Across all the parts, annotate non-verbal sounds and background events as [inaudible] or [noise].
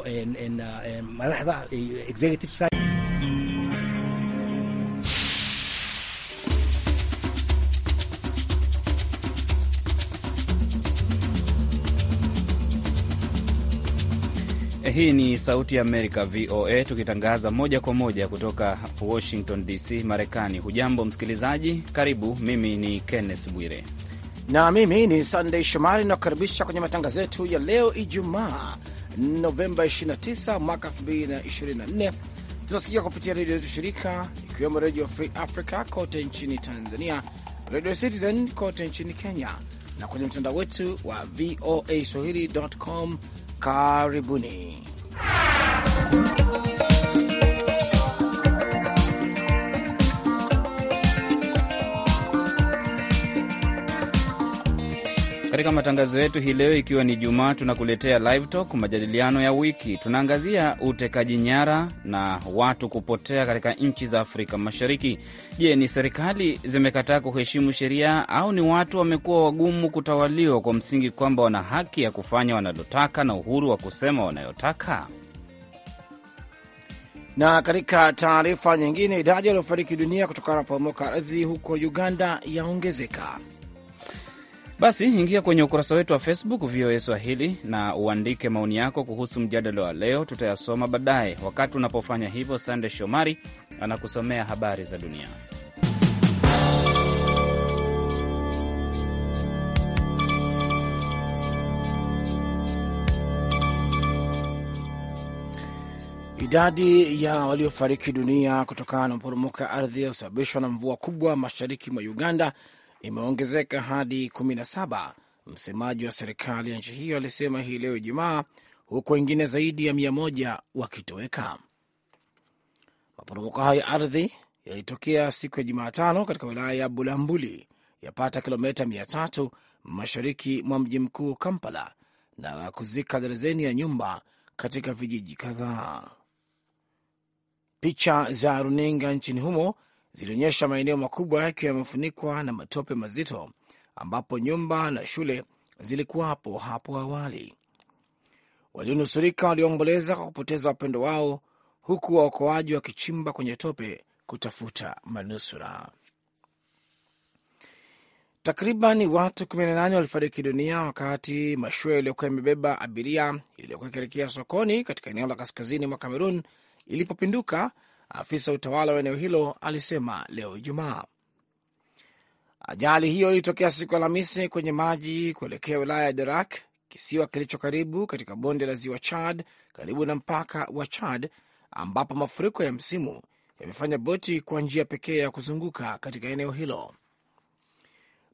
Uh, madaxda executive side. Eh, hii ni Sauti ya Amerika, VOA, tukitangaza moja kwa moja kutoka Washington DC, Marekani. Hujambo msikilizaji, karibu. Mimi ni Kenneth Bwire na mimi ni Sandey Shomari, nakukaribisha kwenye matangazo yetu ya leo Ijumaa Novemba 29 mwaka 2024. Tunasikika kupitia redio yetu shirika ikiwemo Redio Free Africa kote nchini Tanzania, Redio Citizen kote nchini Kenya na kwenye mtandao wetu wa voa swahili.com. Karibuni. Katika matangazo yetu hii leo, ikiwa ni Jumaa, tunakuletea live talk, majadiliano ya wiki. Tunaangazia utekaji nyara na watu kupotea katika nchi za Afrika Mashariki. Je, ni serikali zimekataa kuheshimu sheria au ni watu wamekuwa wagumu kutawaliwa kwa msingi kwamba wana haki ya kufanya wanalotaka na uhuru wa kusema wanayotaka? Na katika taarifa nyingine, idadi waliofariki dunia kutokana na kuporomoka ardhi huko Uganda yaongezeka. Basi ingia kwenye ukurasa wetu wa Facebook VOA Swahili na uandike maoni yako kuhusu mjadala wa leo, tutayasoma baadaye. Wakati unapofanya hivyo, Sande Shomari anakusomea habari za dunia. Idadi ya waliofariki dunia kutokana na maporomoko ya ardhi yaliyosababishwa na mvua kubwa mashariki mwa Uganda imeongezeka hadi 17, msemaji wa serikali ya nchi hiyo alisema hii leo Ijumaa, huku wengine zaidi ya 100 wakitoweka. Maporomoko hayo ya ardhi yalitokea siku ya Jumatano katika wilaya ya Bulambuli, yapata kilomita 300 mashariki mwa mji mkuu Kampala, na kuzika darazeni ya nyumba katika vijiji kadhaa. Picha za runinga nchini humo zilionyesha maeneo makubwa yakiwa yamefunikwa na matope mazito ambapo nyumba na shule zilikuwapo hapo awali. Walionusurika walioomboleza kwa kupoteza wapendo wao, huku waokoaji wakichimba kwenye tope kutafuta manusura. Takriban watu 18 walifariki dunia wakati mashua iliyokuwa imebeba abiria iliyokuwa ikielekea sokoni katika eneo la kaskazini mwa Kamerun ilipopinduka afisa utawala wa eneo hilo alisema leo Ijumaa. Ajali hiyo ilitokea siku Alhamisi kwenye maji kuelekea wilaya ya Darak, kisiwa kilicho karibu katika bonde la ziwa Chad, karibu na mpaka wa Chad, ambapo mafuriko ya msimu yamefanya boti kwa njia pekee ya kuzunguka katika eneo hilo.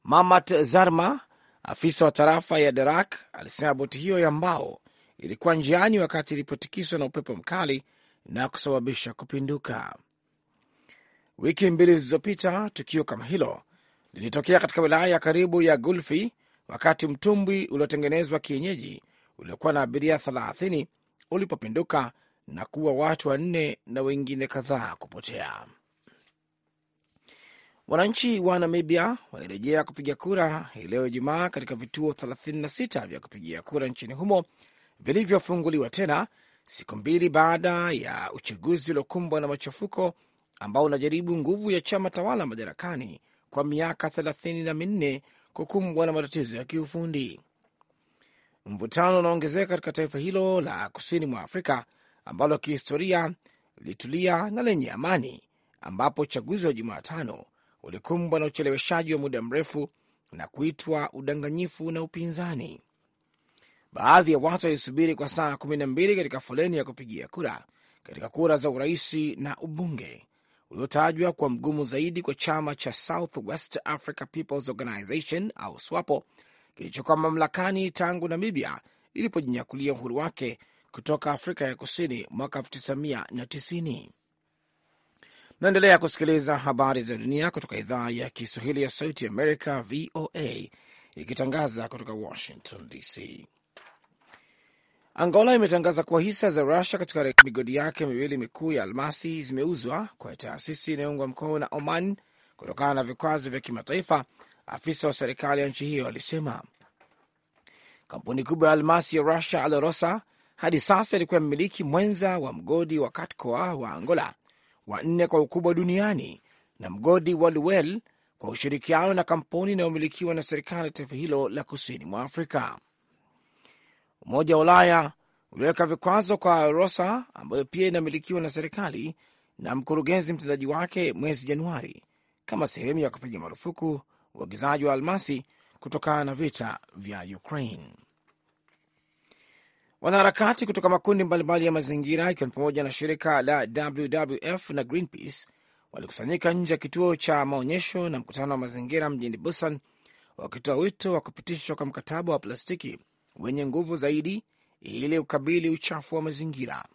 Mamat Zarma, afisa wa tarafa ya Darak, alisema boti hiyo ya mbao ilikuwa njiani wakati ilipotikiswa na upepo mkali na kusababisha kupinduka. Wiki mbili zilizopita, tukio kama hilo lilitokea katika wilaya ya karibu ya Gulfi wakati mtumbwi uliotengenezwa kienyeji uliokuwa na abiria 30 ulipopinduka na kuwa watu wanne na wengine kadhaa kupotea. Wananchi wa Namibia walirejea kupiga kura hii leo Ijumaa katika vituo 36 vya kupigia kura nchini humo vilivyofunguliwa tena siku mbili baada ya uchaguzi uliokumbwa na machafuko ambao unajaribu nguvu ya chama tawala madarakani kwa miaka thelathini na minne kukumbwa na matatizo ya kiufundi. Mvutano unaongezeka katika taifa hilo la kusini mwa Afrika ambalo kihistoria lilitulia na lenye amani, ambapo uchaguzi wa Jumatano ulikumbwa na ucheleweshaji wa muda mrefu na kuitwa udanganyifu na upinzani. Baadhi ya watu walisubiri kwa saa mbili katika foleni ya kupigia kura katika kura za uraisi na ubunge uliotajwa kwa mgumu zaidi kwa chama cha Southwest Africa Peoples Organization au SWAPO kilichokuwa mamlakani tangu Namibia ilipojinyakulia uhuru wake kutoka Afrika ya Kusini mwaka 1990. Naendelea kusikiliza habari za dunia kutoka idhaa ya Kiswahili ya Sauti Amerika, VOA, ikitangaza kutoka Washington DC. Angola imetangaza kuwa hisa za Rusia katika migodi yake miwili mikuu ya almasi zimeuzwa kwa taasisi inayoungwa mkono na Oman kutokana na vikwazo vya kimataifa, afisa wa serikali ya nchi hiyo alisema. Kampuni kubwa ya almasi ya Rusia, alorosa hadi sasa ilikuwa mmiliki mwenza wa mgodi wa Katkoa wa Angola, wa nne kwa ukubwa duniani, na mgodi wa Luwel kwa ushirikiano na kampuni inayomilikiwa na serikali ya taifa hilo la kusini mwa Afrika. Umoja wa Ulaya uliweka vikwazo kwa rosa ambayo pia inamilikiwa na serikali na mkurugenzi mtendaji wake mwezi Januari kama sehemu ya kupiga marufuku uagizaji wa almasi kutokana na vita vya Ukraine. Wanaharakati kutoka makundi mbalimbali ya mazingira ikiwa ni pamoja na shirika la WWF na Greenpeace walikusanyika nje ya kituo cha maonyesho na mkutano wa mazingira mjini Busan wakitoa wito wa kupitishwa kwa mkataba wa plastiki wenye nguvu zaidi ili kukabili uchafu wa mazingira.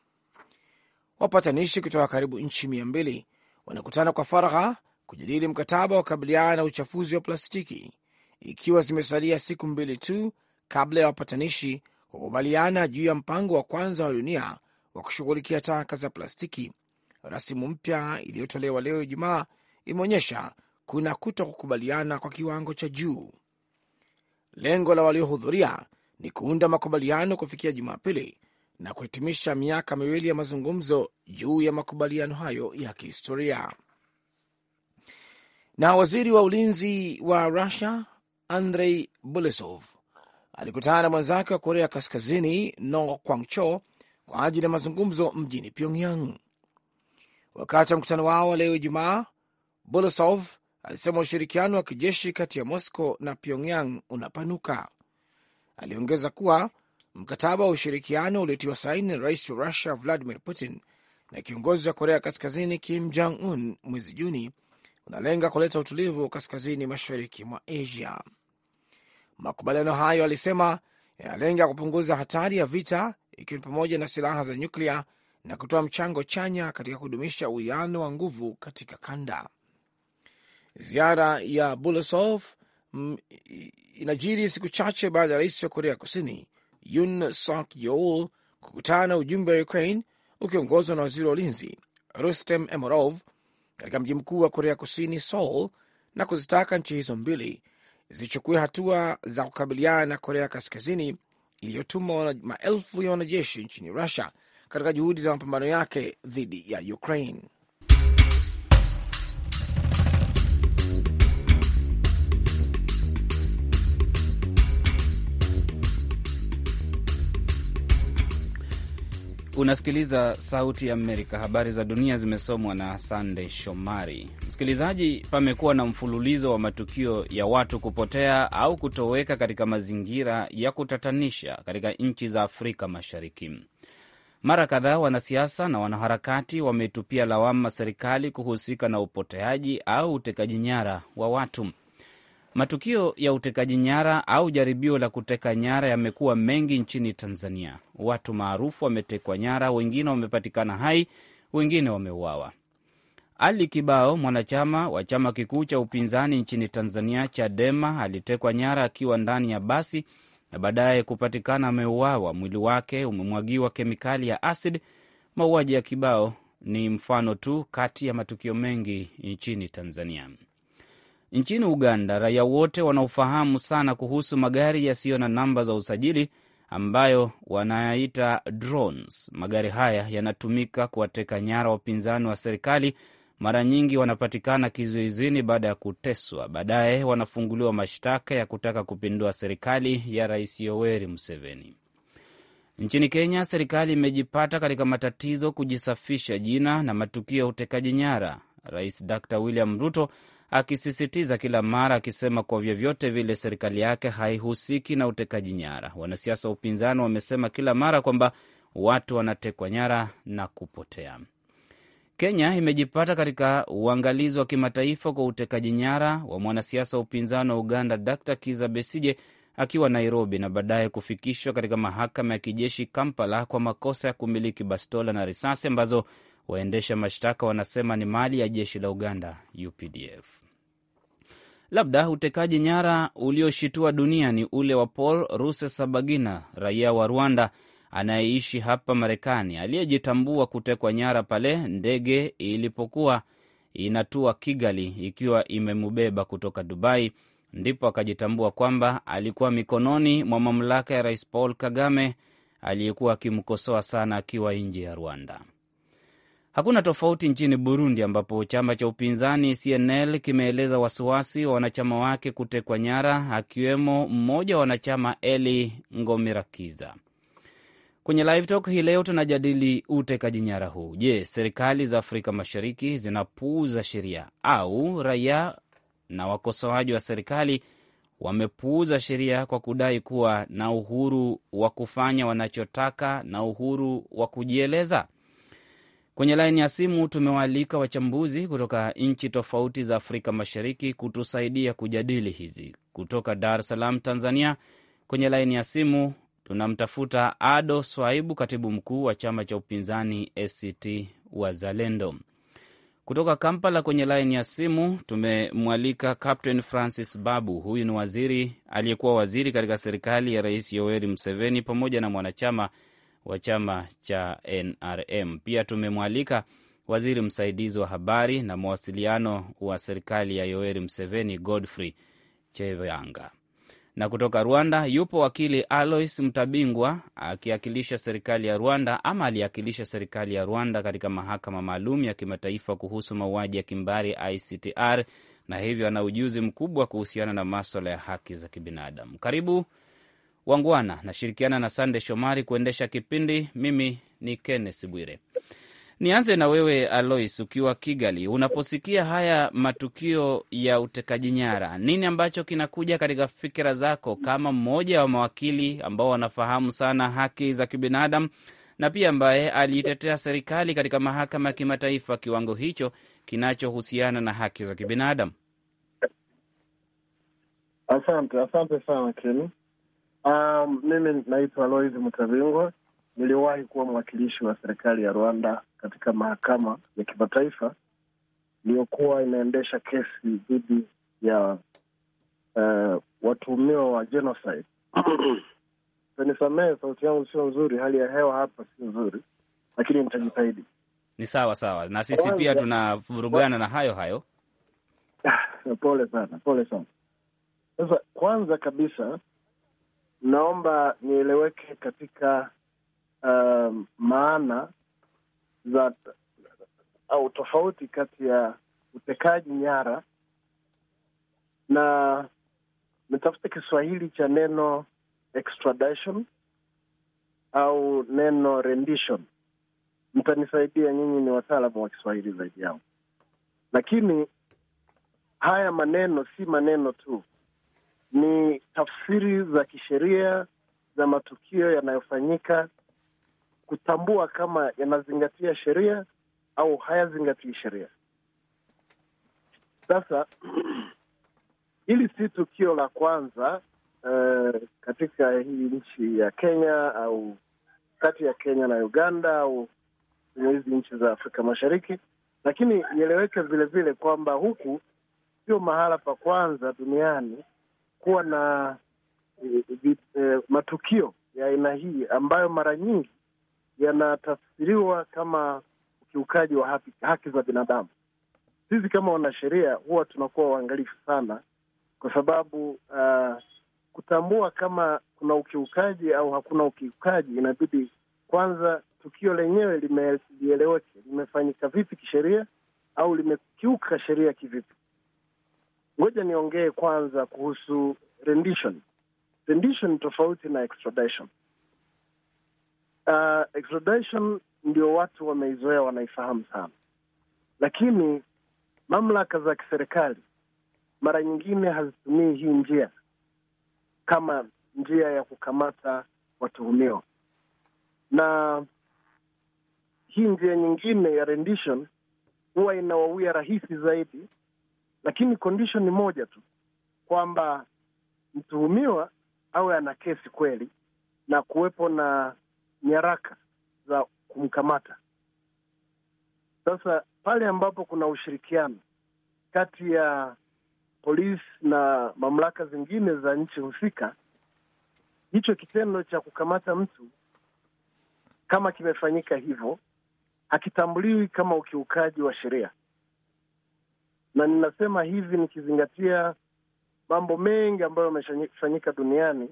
Wapatanishi kutoka karibu nchi mia mbili wanakutana kwa faragha kujadili mkataba wa kukabiliana na uchafuzi wa plastiki, ikiwa zimesalia siku mbili tu kabla ya wapatanishi kukubaliana juu ya mpango wa kwanza wa dunia wa kushughulikia taka za plastiki. Rasimu mpya iliyotolewa leo Ijumaa imeonyesha kuna kuto kukubaliana kwa kiwango cha juu. Lengo la waliohudhuria ni kuunda makubaliano kufikia Jumapili na kuhitimisha miaka miwili ya mazungumzo juu ya makubaliano hayo ya kihistoria. Na waziri wa ulinzi wa Rusia Andrei bulesov alikutana na mwenzake wa Korea Kaskazini No Kwangcho kwa ajili ya mazungumzo mjini Pyongyang. Wakati wa mkutano wao wa leo Ijumaa, bulesov alisema ushirikiano wa kijeshi kati ya Moscow na Pyongyang unapanuka. Aliongeza kuwa mkataba wa ushirikiano uliotiwa saini na rais wa Russia Vladimir Putin na kiongozi wa Korea Kaskazini Kim Jong Un mwezi Juni unalenga kuleta utulivu kaskazini mashariki mwa Asia. Makubaliano hayo, alisema, yanalenga kupunguza hatari ya vita, ikiwa ni pamoja na silaha za nyuklia na kutoa mchango chanya katika kudumisha uwiano wa nguvu katika kanda. Ziara ya Bulasov Mm, inajiri siku chache baada ya rais wa Korea Kusini Yun Suk Yeol kukutana na ujumbe wa Ukraine ukiongozwa na waziri wa ulinzi Rustem emorov katika mji mkuu wa Korea Kusini Seoul, na kuzitaka nchi hizo mbili zichukue hatua za kukabiliana na Korea Kaskazini iliyotuma maelfu ya wanajeshi nchini Rusia katika juhudi za mapambano yake dhidi ya Ukraine. Unasikiliza Sauti ya Amerika. Habari za dunia zimesomwa na Sandey Shomari. Msikilizaji, pamekuwa na mfululizo wa matukio ya watu kupotea au kutoweka katika mazingira ya kutatanisha katika nchi za Afrika Mashariki. Mara kadhaa wanasiasa na wanaharakati wametupia lawama serikali kuhusika na upoteaji au utekaji nyara wa watu. Matukio ya utekaji nyara au jaribio la kuteka nyara yamekuwa mengi nchini Tanzania. Watu maarufu wametekwa nyara, wengine wamepatikana hai, wengine wameuawa. Ali Kibao, mwanachama wa chama kikuu cha upinzani nchini Tanzania, Chadema, alitekwa nyara akiwa ndani ya basi na baadaye kupatikana ameuawa, mwili wake umemwagiwa kemikali ya asidi. Mauaji ya Kibao ni mfano tu kati ya matukio mengi nchini Tanzania. Nchini Uganda, raia wote wanaofahamu sana kuhusu magari yasiyo na namba za usajili ambayo wanayaita drones. Magari haya yanatumika kuwateka nyara wapinzani wa serikali. Mara nyingi wanapatikana kizuizini baada ya kuteswa, baadaye wanafunguliwa mashtaka ya kutaka kupindua serikali ya Rais Yoweri Museveni. Nchini Kenya, serikali imejipata katika matatizo kujisafisha jina na matukio ya utekaji nyara. Rais Dr William Ruto akisisitiza kila mara akisema kwa vyovyote vile serikali yake haihusiki na utekaji nyara. Wanasiasa wa upinzani wamesema kila mara kwamba watu wanatekwa nyara na kupotea. Kenya imejipata katika uangalizi wa kimataifa kwa utekaji nyara wa mwanasiasa wa upinzani wa Uganda Dr Kiza Besije akiwa Nairobi na baadaye kufikishwa katika mahakama ya kijeshi Kampala kwa makosa ya kumiliki bastola na risasi ambazo waendesha mashtaka wanasema ni mali ya jeshi la Uganda, UPDF. Labda utekaji nyara ulioshitua dunia ni ule wa Paul Rusesabagina, raia wa Rwanda anayeishi hapa Marekani, aliyejitambua kutekwa nyara pale ndege ilipokuwa inatua Kigali ikiwa imemubeba kutoka Dubai. Ndipo akajitambua kwamba alikuwa mikononi mwa mamlaka ya Rais Paul Kagame aliyekuwa akimkosoa sana akiwa nje ya Rwanda. Hakuna tofauti nchini Burundi, ambapo chama cha upinzani CNL kimeeleza wasiwasi wa wanachama wake kutekwa nyara, akiwemo mmoja wa wanachama Eli Ngomirakiza. Kwenye Live Talk hii leo tunajadili utekaji nyara huu. Je, serikali za Afrika Mashariki zinapuuza sheria au raia na wakosoaji wa serikali wamepuuza sheria kwa kudai kuwa na uhuru wa kufanya wanachotaka na uhuru wa kujieleza? Kwenye laini ya simu tumewaalika wachambuzi kutoka nchi tofauti za Afrika Mashariki kutusaidia kujadili hizi. Kutoka Dar es Salaam, Tanzania, kwenye laini ya simu tunamtafuta Ado Swaibu, katibu mkuu wa chama cha upinzani ACT Wazalendo. Kutoka Kampala kwenye laini ya simu tumemwalika Captain Francis Babu. Huyu ni waziri aliyekuwa waziri katika serikali ya Rais Yoweri Museveni pamoja na mwanachama wa chama cha NRM. Pia tumemwalika waziri msaidizi wa habari na mawasiliano wa serikali ya Yoweri Museveni, Godfrey Chevanga. Na kutoka Rwanda yupo wakili Alois Mtabingwa akiakilisha serikali ya Rwanda ama aliakilisha serikali ya Rwanda katika mahakama maalum ya kimataifa kuhusu mauaji ya kimbari ICTR, na hivyo ana ujuzi mkubwa kuhusiana na maswala ya haki za kibinadamu. Karibu Wangwana. Nashirikiana na Sande Shomari kuendesha kipindi. Mimi ni Kennes Bwire. Nianze na wewe Alois, ukiwa Kigali, unaposikia haya matukio ya utekaji nyara, nini ambacho kinakuja katika fikira zako kama mmoja wa mawakili ambao wanafahamu sana haki za kibinadamu na pia ambaye aliitetea serikali katika mahakama ya kimataifa kiwango hicho kinachohusiana na haki za kibinadamu? Asante, asante sana Ken. Um, mimi naitwa lois Mutavingwa. Niliwahi kuwa mwakilishi wa serikali ya Rwanda katika mahakama ya kimataifa iliyokuwa inaendesha kesi dhidi ya uh, watuhumiwa wa genocide. [clears throat] Nisamehe, sauti yangu sio nzuri, hali ya hewa hapa sio nzuri, lakini nitajitahidi. Ni sawa sawa, na sisi pia tunavurugana na hayo hayo. Ah, pole sana, pole sana. Sasa kwanza kabisa naomba nieleweke katika uh, maana za au tofauti kati ya utekaji nyara na nitafuta Kiswahili cha neno extradition au neno rendition. Mtanisaidia, nyinyi ni wataalamu wa Kiswahili zaidi yangu. Lakini haya maneno si maneno tu, ni tafsiri za kisheria za matukio yanayofanyika, kutambua kama yanazingatia sheria au hayazingatii sheria. Sasa [clears throat] hili si tukio la kwanza uh, katika hii nchi ya Kenya au kati ya Kenya na Uganda au kwenye hizi nchi za Afrika Mashariki, lakini ieleweke vilevile kwamba huku sio mahala pa kwanza duniani kuwa na uh, uh, matukio ya aina hii ambayo mara nyingi yanatafsiriwa kama ukiukaji wa haki, haki za binadamu. Sisi kama wanasheria huwa tunakuwa waangalifu sana, kwa sababu uh, kutambua kama kuna ukiukaji au hakuna ukiukaji, inabidi kwanza tukio lenyewe lieleweke, limefanyika vipi kisheria au limekiuka sheria kivipi. Ngoja niongee kwanza kuhusu rendition. Rendition tofauti na extradition. Uh, extradition ndio watu wameizoea, wanaifahamu sana, lakini mamlaka za kiserikali mara nyingine hazitumii hii njia kama njia ya kukamata watuhumiwa, na hii njia nyingine ya rendition huwa inawawia rahisi zaidi lakini condition ni moja tu kwamba mtuhumiwa awe ana kesi kweli na kuwepo na nyaraka za kumkamata. Sasa pale ambapo kuna ushirikiano kati ya polisi na mamlaka zingine za nchi husika, hicho kitendo cha kukamata mtu kama kimefanyika hivyo hakitambuliwi kama ukiukaji wa sheria na ninasema hivi nikizingatia mambo mengi ambayo yamefanyika duniani.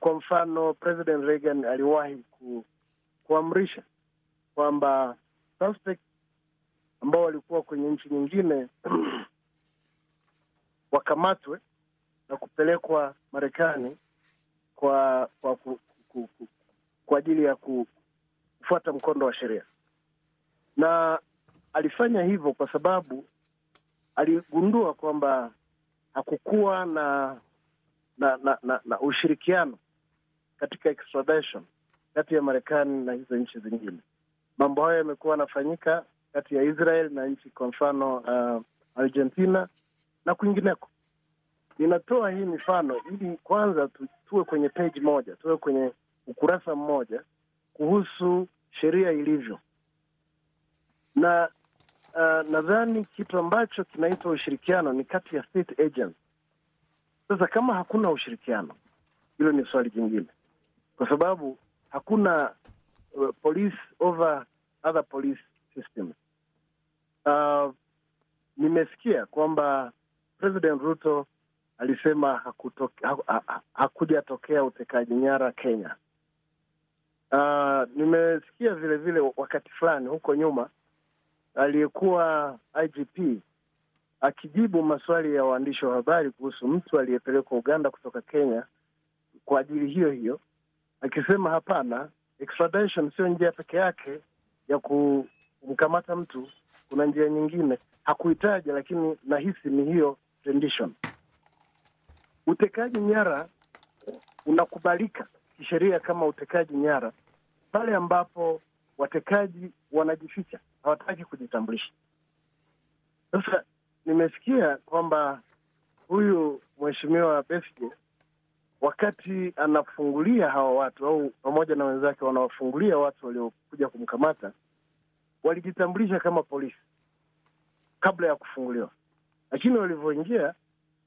Kwa mfano, President Reagan aliwahi ku, kuamrisha kwamba suspect ambao walikuwa kwenye nchi nyingine [clears throat] wakamatwe na kupelekwa Marekani kwa kwa ku, ku, ku, kwa ajili ya kufuata mkondo wa sheria, na alifanya hivyo kwa sababu aligundua kwamba hakukuwa na na, na, na na ushirikiano katika extradition kati ya Marekani na hizo nchi zingine. Mambo hayo yamekuwa yanafanyika kati ya Israel na nchi kwa mfano uh, Argentina na kwingineko. Ninatoa hii mifano ili kwanza tu, tuwe kwenye page moja, tuwe kwenye ukurasa mmoja kuhusu sheria ilivyo, na uh, nadhani kitu ambacho kinaitwa ushirikiano ni kati ya state agents. Sasa kama hakuna ushirikiano, hilo ni swali jingine, kwa sababu hakuna uh, police over other police Uh, nimesikia kwamba President Ruto alisema hakujatokea utekaji nyara Kenya. Uh, nimesikia vilevile wakati fulani huko nyuma aliyekuwa IGP akijibu maswali ya waandishi wa habari kuhusu mtu aliyepelekwa Uganda kutoka Kenya kwa ajili hiyo hiyo, akisema hapana, extradition sio njia peke yake ya kumkamata mtu, kuna njia nyingine hakuitaja, lakini nahisi ni hiyo rendition. Utekaji nyara unakubalika kisheria kama utekaji nyara pale ambapo watekaji wanajificha hawataki kujitambulisha. Sasa nimesikia kwamba huyu mheshimiwa Besigye wakati anafungulia hawa watu au pamoja na wenzake wanawafungulia watu waliokuja kumkamata walijitambulisha kama polisi kabla ya kufunguliwa, lakini walivyoingia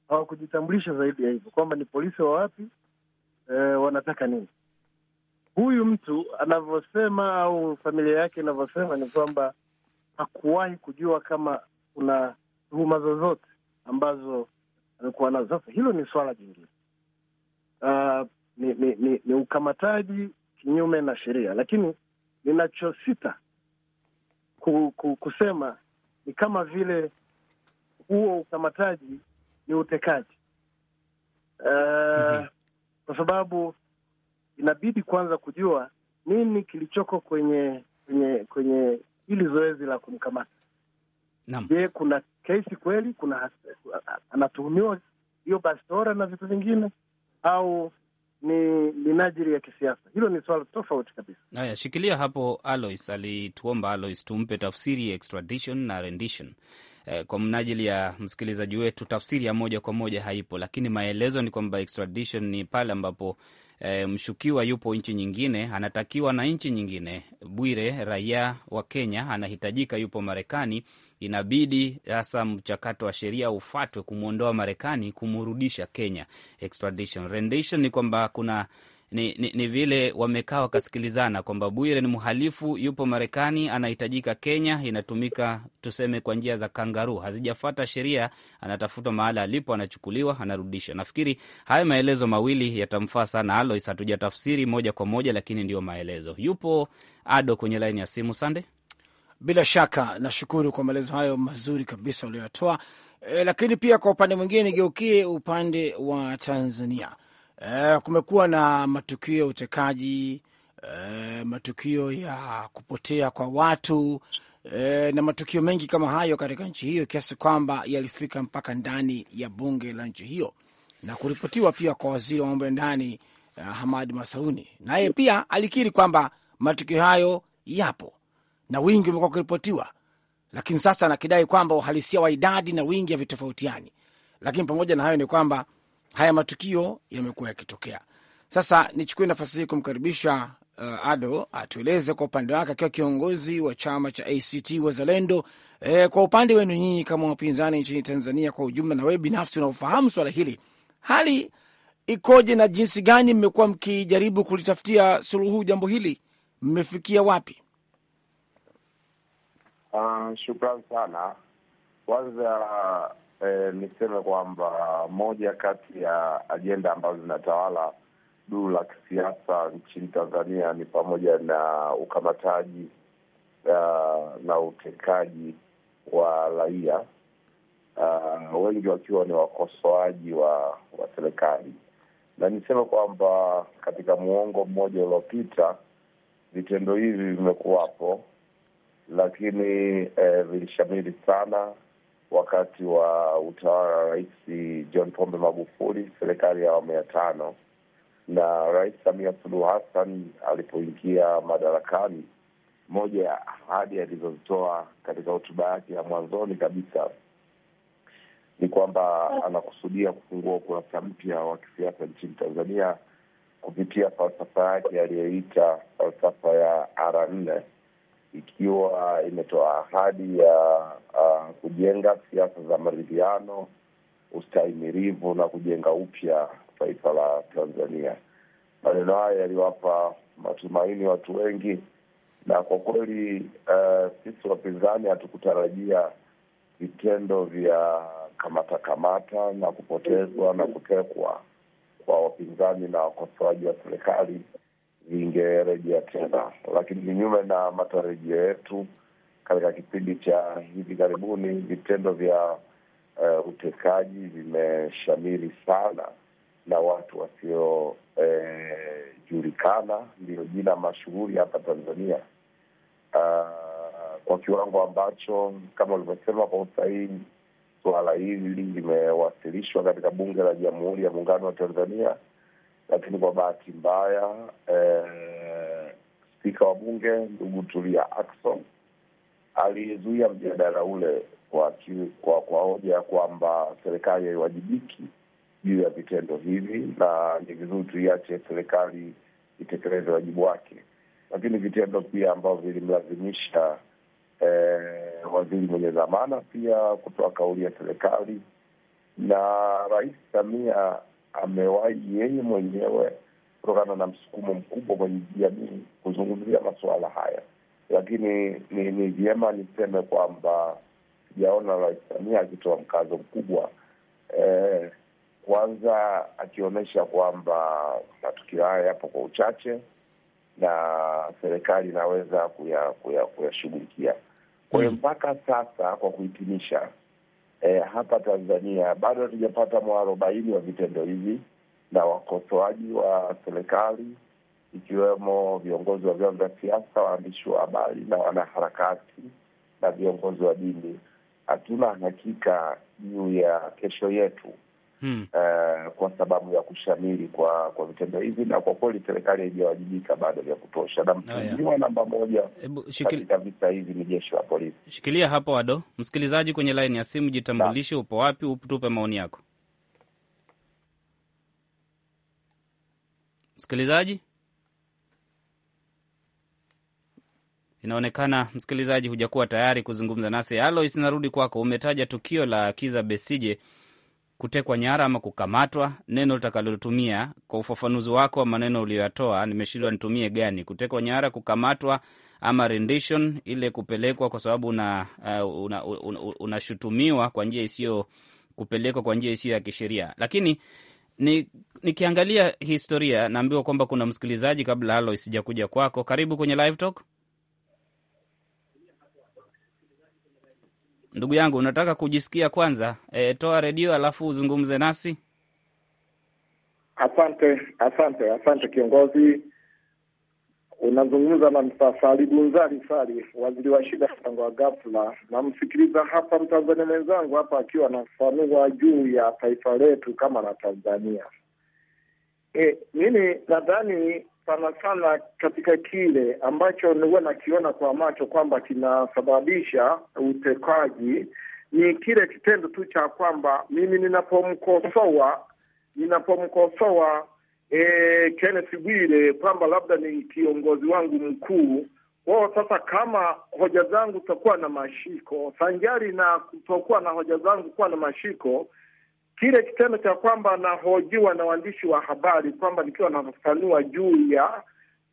hawakujitambulisha zaidi ya hivyo kwamba ni polisi wa wapi, e, wanataka nini. Huyu mtu anavyosema au familia yake inavyosema ni kwamba hakuwahi kujua kama kuna tuhuma zozote ambazo amekuwa nazo. Sasa hilo ni swala jingine. Uh, ni, ni, ni, ni ukamataji kinyume na sheria, lakini ninachosita ku, ku, kusema ni kama vile huo ukamataji ni utekaji uh, mm-hmm. Kwa sababu inabidi kwanza kujua nini kilichoko kwenye kwenye kwenye hili zoezi la kumkamata. Je, kuna kesi kweli? Kuna anatuhumiwa hiyo bastora na vitu vingine au ni minajiri ya kisiasa? Hilo ni swala tofauti kabisa. Haya, shikilia hapo. Alois alituomba Alois tumpe tafsiri extradition na rendition. Eh, kwa mnajili ya msikilizaji wetu, tafsiri ya moja kwa moja haipo, lakini maelezo ni kwamba extradition ni pale ambapo e, mshukiwa yupo nchi nyingine, anatakiwa na nchi nyingine. Bwire, raia wa Kenya, anahitajika yupo Marekani, inabidi sasa mchakato wa sheria ufatwe kumwondoa Marekani, kumrudisha Kenya, extradition. Rendition ni kwamba kuna ni, ni, ni vile wamekaa wakasikilizana kwamba Bwire ni mhalifu, yupo Marekani, anahitajika Kenya, inatumika tuseme kwa njia za kangaruu, hazijafata sheria, anatafutwa mahala alipo, anachukuliwa, anarudisha. Nafikiri haya maelezo mawili yatamfaa sana Alois. Hatujatafsiri moja kwa moja, lakini ndiyo maelezo. Yupo Ado kwenye laini ya simu. Sande, bila shaka nashukuru kwa maelezo hayo mazuri kabisa uliyoyatoa. E, lakini pia kwa upande mwingine nigeukie upande wa Tanzania e, kumekuwa na matukio ya utekaji e, matukio ya kupotea kwa watu e, na matukio mengi kama hayo katika nchi hiyo kiasi kwamba yalifika mpaka ndani ya bunge la nchi hiyo na kuripotiwa pia kwa waziri wa mambo ya ndani uh, Hamad Masauni, naye pia alikiri kwamba matukio hayo yapo na wingi umekuwa ukiripotiwa, lakini sasa anakidai kwamba uhalisia wa idadi na wingi havitofautiani. Lakini pamoja na hayo ni kwamba haya matukio yamekuwa yakitokea. Sasa nichukue nafasi hii kumkaribisha uh, Ado atueleze kwa upande wake akiwa kiongozi wa chama cha ACT Wazalendo. E, kwa upande wenu nyinyi kama wapinzani nchini Tanzania kwa ujumla, na wewe binafsi unaofahamu swala hili, hali ikoje na jinsi gani mmekuwa mkijaribu kulitafutia suluhu jambo hili, mmefikia wapi? Uh, ah, shukran sana kwanza eh, niseme kwamba moja kati ya ajenda ambazo zinatawala duru la kisiasa nchini Tanzania ni pamoja na ukamataji uh, na utekaji wa raia uh, wengi wakiwa ni wakosoaji wa wa serikali, na niseme kwamba katika muongo mmoja uliopita vitendo hivi vimekuwapo, lakini eh, vilishamiri sana wakati wa utawala wa Rais John Pombe Magufuli, serikali ya awamu ya tano, na Rais Samia Suluhu Hassan alipoingia madarakani, moja ya ahadi alizozitoa katika hotuba yake ya mwanzoni kabisa ni kwamba anakusudia kufungua ukurasa mpya wa kisiasa nchini Tanzania kupitia falsafa yake aliyoita falsafa ya R nne ikiwa imetoa ahadi ya uh, kujenga siasa za maridhiano, ustahimilivu na kujenga upya taifa la Tanzania. Maneno haya yaliwapa matumaini watu wengi, na kwa kweli uh, sisi wapinzani hatukutarajia vitendo vya kamata kamata na kupotezwa na kutekwa kwa wapinzani na wakosoaji wa serikali vingerejea tena, lakini kinyume na matarajio yetu, katika kipindi cha hivi karibuni vitendo vya uh, utekaji vimeshamiri sana na watu wasiojulikana eh, ndiyo jina mashuhuri hapa Tanzania uh, kwa kiwango ambacho kama ulivyosema kwa usahihi, suala hili limewasilishwa katika Bunge la Jamhuri ya Muungano wa Tanzania lakini kwa bahati mbaya eh, spika wa bunge ndugu Tulia Ackson alizuia mjadala ule kwa kwa kwa hoja ya kwamba serikali haiwajibiki juu ya vitendo hivi na ni vizuri tuiache serikali itekeleze wajibu wake, lakini vitendo pia ambavyo vilimlazimisha eh, waziri mwenye dhamana pia kutoa kauli ya serikali na Rais Samia amewahi yeye mwenyewe kutokana na msukumo mkubwa kwenye jamii kuzungumzia masuala haya, lakini ni ni vyema niseme kwamba sijaona Rais Samia akitoa mkazo mkubwa eh, kwanza akionyesha kwamba matukio haya yapo kwa uchache na serikali inaweza kuyashughulikia kuya, kuya. Kwa hiyo mm. mpaka sasa, kwa kuhitimisha eh, hapa Tanzania bado hatujapata mwarobaini wa vitendo hivi, na wakosoaji wa serikali ikiwemo viongozi wa vyama vya siasa, waandishi wa habari na wanaharakati na viongozi wa dini, hatuna hakika juu ya kesho yetu hmm, uh, kwa sababu ya kushamiri kwa kwa vitendo hivi, na kwa kweli serikali haijawajibika bado vya kutosha, na ah, mtuhumiwa namba moja katika vita hivi ni jeshi la polisi. Shikilia hapo Ado. Msikilizaji kwenye laini ya simu, jitambulishe, upo wapi, utupe maoni yako. Msikilizaji, inaonekana msikilizaji hujakuwa tayari kuzungumza nasi. Alois, narudi kwako. Umetaja tukio la Kiza Besije kutekwa nyara ama kukamatwa, neno litakalotumia kwa ufafanuzi wako wa maneno uliyoyatoa, nimeshindwa nitumie gani? Kutekwa nyara, kukamatwa ama rendition, ile kupelekwa kwa sababu unashutumiwa uh, una, una, una kwa njia isiyo kupelekwa kwa njia isiyo ya kisheria. Lakini nikiangalia historia, naambiwa kwamba kuna msikilizaji kabla halo isijakuja kwako. Karibu kwenye Live Talk. Ndugu yangu, unataka kujisikia kwanza? E, toa redio alafu uzungumze nasi. Asante, asante, asante kiongozi. Unazungumza na Msafari Bunzari Sari, waziri wa shida mpango wa ghafla. Namsikiliza hapa Mtanzania mwenzangu hapa akiwa anafafanua juu ya taifa letu kama na Tanzania. E, mimi nadhani sana sana katika kile ambacho nilikuwa nakiona kwa macho kwamba kinasababisha utekaji ni kile kitendo tu cha kwamba mimi ninapomkosoa ninapomkosoa e, Kenneth Bwire kwamba labda ni kiongozi wangu mkuu kwao Sasa kama hoja zangu zitakuwa na mashiko sanjari na kutokuwa na hoja zangu kuwa na mashiko kile kitendo cha kwamba nahojiwa na waandishi wa habari kwamba nikiwa nafafanua juu ya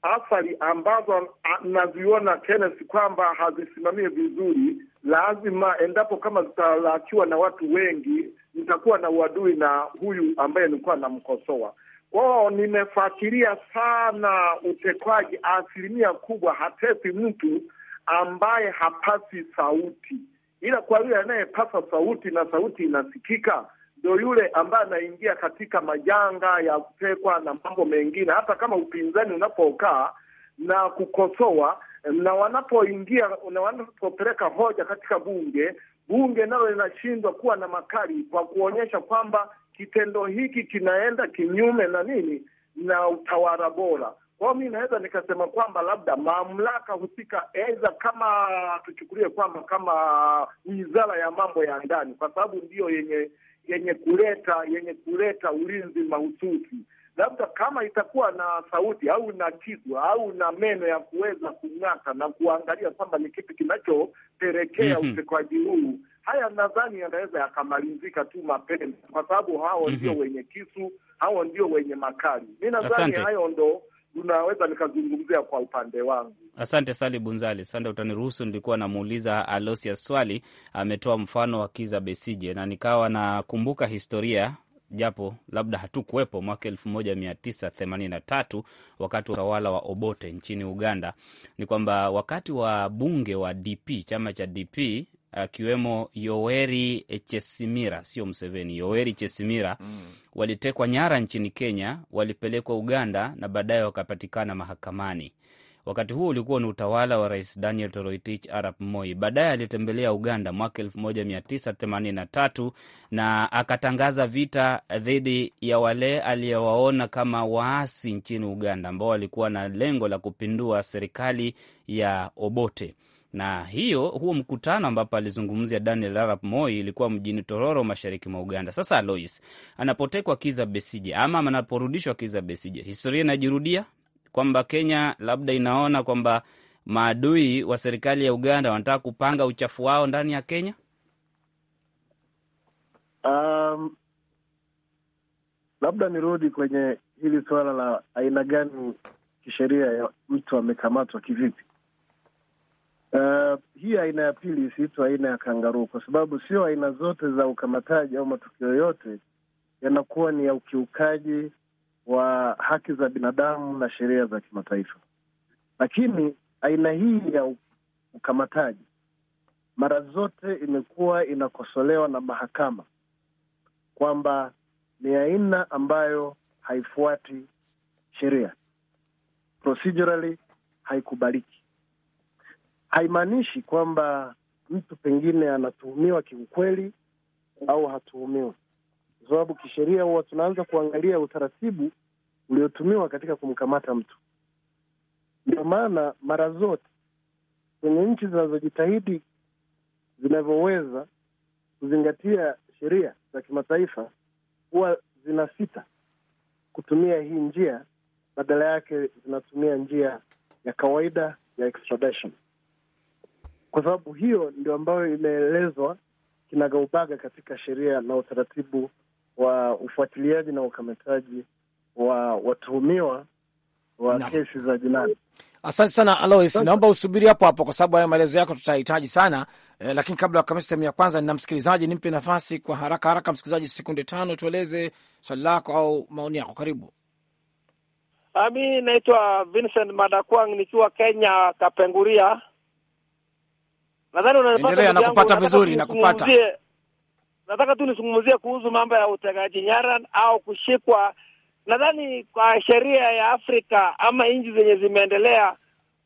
athari ambazo naziona Kenneth kwamba hazisimamii vizuri, lazima endapo kama zitalakiwa na watu wengi, nitakuwa na uadui na huyu ambaye nilikuwa namkosoa kwao. Nimefuatilia sana utekwaji, asilimia kubwa hatesi mtu ambaye hapasi sauti, ila kwa yule anayepasa sauti na sauti inasikika ndo yule ambaye anaingia katika majanga ya kutekwa na mambo mengine, hata kama upinzani unapokaa na kukosoa na wanapoingia na wanapopeleka hoja katika bunge, bunge nalo linashindwa kuwa na makali kwa kuonyesha kwamba kitendo hiki kinaenda kinyume na nini na utawala bora. Kwa hiyo mi naweza nikasema kwamba labda mamlaka husika, eza kama tuchukulie kwamba kama wizara ya mambo ya ndani, kwa sababu ndiyo yenye yenye kuleta yenye kuleta ulinzi mahususi, labda kama itakuwa na sauti au na kichwa au na meno ya kuweza kung'ata na kuangalia kwamba ni kitu kinachopelekea mm -hmm. huu. Haya nadhani yanaweza yakamalizika tu mapema, kwa sababu hao mm -hmm. ndio mhm. wenye kisu, hao ndio wenye makali. Mi nadhani hayo ndo tunaweza nikazungumzia kwa upande wangu. Asante Sali Bunzali. Sanda, utaniruhusu nilikuwa namuuliza Alosia swali, ametoa mfano wa Kiza Besije na nikawa nakumbuka historia japo labda hatukuwepo mwaka elfu moja mia tisa themanini na tatu wakati wa utawala wa Obote nchini Uganda. Ni kwamba wakati wa bunge wa DP, chama cha DP akiwemo Yoweri Chesimira, sio mseveni Yoweri Chesimira mm. walitekwa nyara nchini Kenya, walipelekwa Uganda na baadaye wakapatikana mahakamani. Wakati huo ulikuwa ni utawala wa Rais Daniel Toroitich Arap Moi. Baadaye alitembelea Uganda mwaka 1983 na akatangaza vita dhidi ya wale aliyewaona kama waasi nchini Uganda, ambao walikuwa na lengo la kupindua serikali ya Obote na hiyo huo mkutano ambapo alizungumzia Daniel Arap Moi ilikuwa mjini Tororo, mashariki mwa Uganda. Sasa Alois anapotekwa Kiza Besije ama anaporudishwa Kiza Besije, historia inajirudia kwamba Kenya labda inaona kwamba maadui wa serikali ya Uganda wanataka kupanga uchafu wao ndani ya Kenya. Um, labda nirudi kwenye hili suala la aina gani kisheria ya mtu amekamatwa kivipi. Uh, hii aina ya pili isiitwa aina ya kangaruu, kwa sababu sio aina zote za ukamataji au matukio yote yanakuwa ni ya ukiukaji wa haki za binadamu na sheria za kimataifa. Lakini aina hii ya ukamataji mara zote imekuwa inakosolewa na mahakama kwamba ni aina ambayo haifuati sheria, procedurally haikubaliki haimaanishi kwamba mtu pengine anatuhumiwa kiukweli au hatuhumiwi, kwa sababu kisheria huwa tunaanza kuangalia utaratibu uliotumiwa katika kumkamata mtu. Ndio maana mara zote kwenye nchi zinazojitahidi zinavyoweza kuzingatia sheria za kimataifa huwa zinasita kutumia hii njia, badala yake zinatumia njia ya kawaida ya extradition kwa sababu hiyo ndio ambayo imeelezwa kinagaubaga katika sheria na utaratibu wa ufuatiliaji na ukamataji wa watuhumiwa wa kesi za jinai. Asante sana Alois, naomba usubiri hapo hapo kwa sababu haya maelezo yako tutahitaji sana eh, lakini kabla ya kukamilisha sehemu ya kwanza, nina msikilizaji, nimpe nafasi kwa haraka haraka. Msikilizaji, sekunde tano, tueleze swali lako au maoni yako. Karibu. Ah, mi naitwa Vincent Madakwang nikiwa Kenya, Kapenguria nadhani unaendelea na vizuri nakupata. nataka tu nizungumzie kuhusu mambo ya utekaji nyara au kushikwa. Nadhani kwa sheria ya Afrika ama nchi zenye zimeendelea,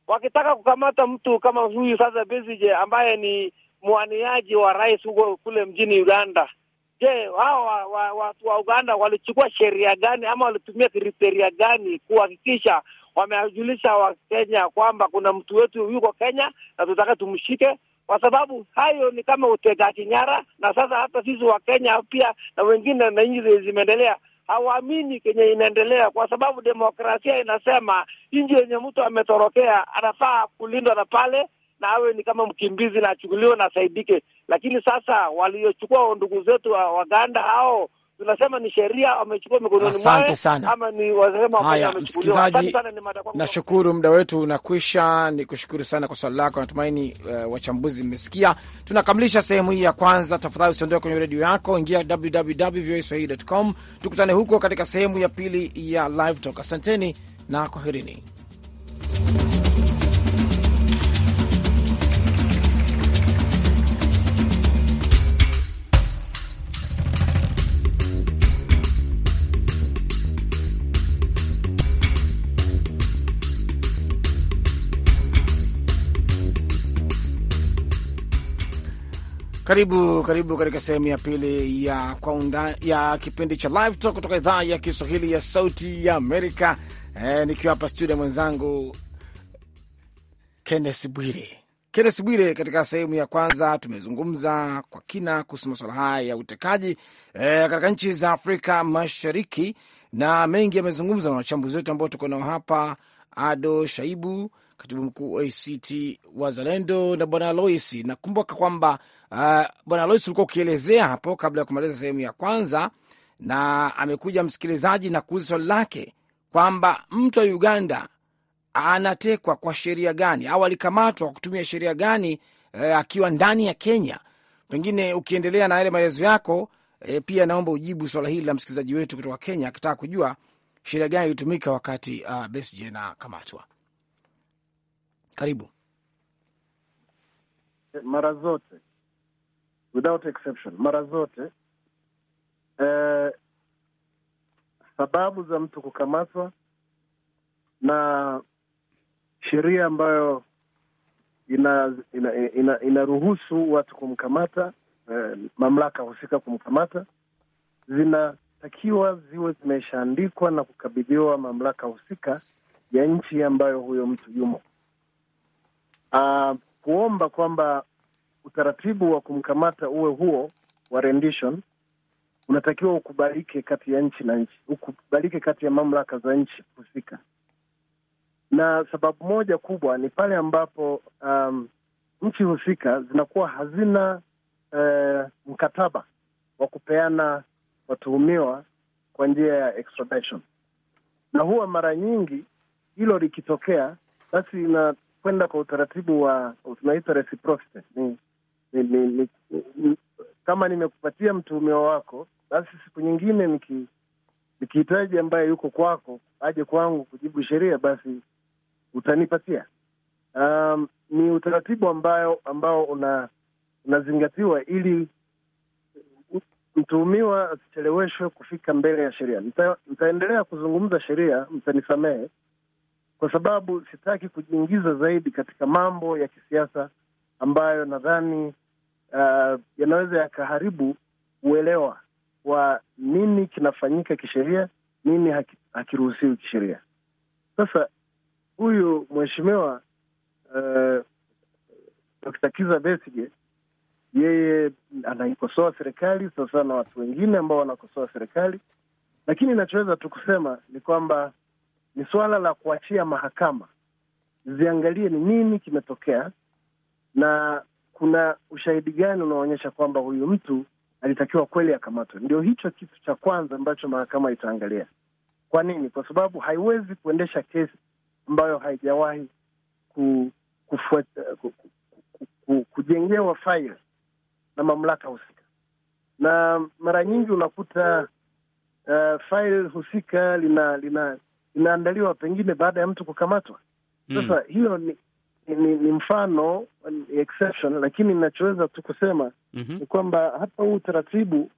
wakitaka kukamata mtu kama huyu sasa Besigye ambaye ni mwaniaji wa rais huko kule mjini Uganda, je, hao watu wa, wa, wa Uganda walichukua sheria gani ama walitumia kriteria gani kuhakikisha wamewajulisha Wakenya kwamba kuna mtu wetu yuko Kenya na tutaka tumshike kwa sababu hayo ni kama utegaji nyara. Na sasa hata sisi wa Kenya pia na wengine na nchi zimeendelea hawaamini kenye inaendelea, kwa sababu demokrasia inasema nchi yenye mtu ametorokea anafaa kulindwa na pale na awe ni kama mkimbizi na achukuliwe na asaidike. Lakini sasa waliochukua ndugu zetu wa Waganda hao tunasema ni sheria amechukua mikononi mwake ama ni wasema. Haya, msikilizaji, nashukuru muda wetu unakwisha. Ni kushukuru sana kwa swali lako, natumaini uh, wachambuzi mmesikia. Tunakamilisha sehemu hii ya kwanza. Tafadhali usiondoke kwenye redio yako, ingia www.voaswahili.com. Tukutane huko katika sehemu ya pili ya Live Talk. Asanteni na kwaherini. Karibu karibu katika sehemu ya pili ya kwa unda, ya kipindi cha Live Talk kutoka idhaa ya Kiswahili ya Sauti ya Amerika. E, nikiwa hapa studio mwenzangu Kennes Bwire. Kennes Bwire, katika sehemu ya kwanza tumezungumza kwa kina kuhusu masuala haya ya utekaji e, katika nchi za Afrika Mashariki, na mengi yamezungumzwa na wachambuzi wetu ambao tuko nao hapa, Ado Shaibu, katibu mkuu ACT Wazalendo, na bwana lois Nakumbuka kwamba Uh, Bwana Lois ulikuwa ukielezea hapo kabla ya kumaliza sehemu ya kwanza, na amekuja msikilizaji na kuuliza swali lake kwamba mtu wa Uganda anatekwa kwa sheria gani au alikamatwa kwa kutumia sheria gani eh, akiwa ndani ya Kenya. Pengine ukiendelea na yale maelezo yako eh, pia naomba ujibu swala hili la msikilizaji wetu kutoka Kenya akitaka kujua sheria gani ilitumika wakati uh, Besigye kamatwa. Karibu. Mara zote without exception, mara zote eh, sababu za mtu kukamatwa na sheria ambayo inaruhusu ina, ina, ina watu kumkamata eh, mamlaka husika kumkamata zinatakiwa ziwe zimeshaandikwa na kukabidhiwa mamlaka husika ya nchi ambayo huyo mtu yumo. Uh, kuomba kwamba utaratibu wa kumkamata uwe huo wa rendition unatakiwa ukubalike kati ya nchi na nchi, ukubalike kati ya mamlaka za nchi husika, na sababu moja kubwa ni pale ambapo um, nchi husika zinakuwa hazina uh, mkataba wa kupeana watuhumiwa kwa njia ya extradition, na huwa mara nyingi hilo likitokea, basi inakwenda kwa utaratibu wa tunaita reciprocity, ni ni, ni, ni, ni, kama nimekupatia mtuhumiwa wako, basi siku nyingine nikihitaji ambaye yuko kwako aje kwangu kujibu sheria, basi utanipatia. Um, ni utaratibu ambayo, ambao una, unazingatiwa ili mtuhumiwa asicheleweshwe kufika mbele ya sheria. Nita, nitaendelea kuzungumza sheria, mtanisamehe kwa sababu sitaki kujiingiza zaidi katika mambo ya kisiasa ambayo nadhani uh, yanaweza yakaharibu uelewa wa nini kinafanyika kisheria, nini hakiruhusiwi kisheria. Sasa huyu mheshimiwa uh, Dr. Kiza Besige yeye anaikosoa serikali sasa na watu wengine ambao wanakosoa serikali, lakini inachoweza tu kusema ni kwamba ni suala la kuachia mahakama ziangalie ni nini kimetokea, na kuna ushahidi gani unaoonyesha kwamba huyu mtu alitakiwa kweli akamatwe? Ndio hicho kitu cha kwanza ambacho mahakama itaangalia. Kwa nini? Kwa sababu haiwezi kuendesha kesi ambayo haijawahi ku, kufuata, ku, ku, ku, ku, kujengewa faili na mamlaka husika, na mara nyingi unakuta uh, faili husika lina lina linaandaliwa pengine baada ya mtu kukamatwa. Hmm. Sasa mm, hilo ni ni, ni mfano exception, lakini ninachoweza tu kusema mm -hmm. ni kwamba hata huu utaratibu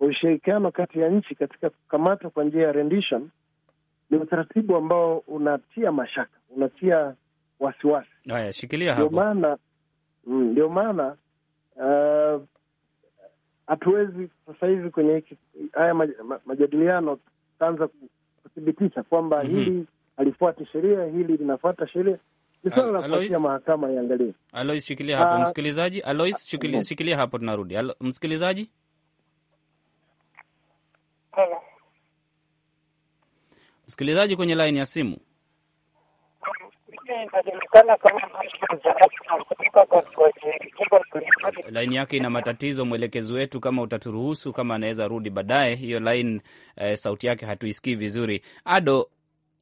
wa ushirikiano kati ya nchi katika kukamata kwa njia ya rendition ni utaratibu ambao unatia mashaka, unatia wasiwasi. Haya, shikilia hapo. Mm, ndio maana ndio uh, maana hatuwezi uh, sasa hivi kwenye hiki haya maj, majadiliano tutaanza kuthibitisha kwamba mm -hmm. hili halifuati sheria, hili linafuata sheria ni swala la kuachia mahakama iangalie. Alois, shikilia hapo ah. msikilizaji. Alois, ah, shikilia, shikilia hapo, tunarudi Alo, msikilizaji Hello. Msikilizaji kwenye laini ya simu laini yake ina matatizo. Mwelekezi wetu kama utaturuhusu, kama anaweza rudi baadaye, hiyo laini eh, sauti yake hatuisikii vizuri. Ado,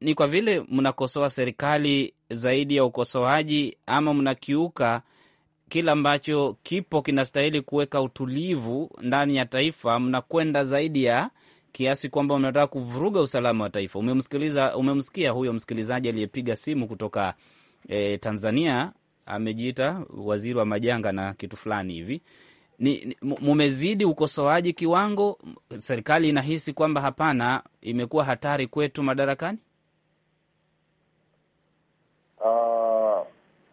ni kwa vile mnakosoa serikali zaidi ya ukosoaji, ama mnakiuka kila ambacho kipo kinastahili kuweka utulivu ndani ya taifa, mnakwenda zaidi ya kiasi kwamba unataka kuvuruga usalama wa taifa. Umemsikiliza, umemsikia huyo msikilizaji aliyepiga simu kutoka e, Tanzania, amejiita waziri wa majanga na kitu fulani hivi. Ni mumezidi ukosoaji kiwango, serikali inahisi kwamba hapana, imekuwa hatari kwetu madarakani.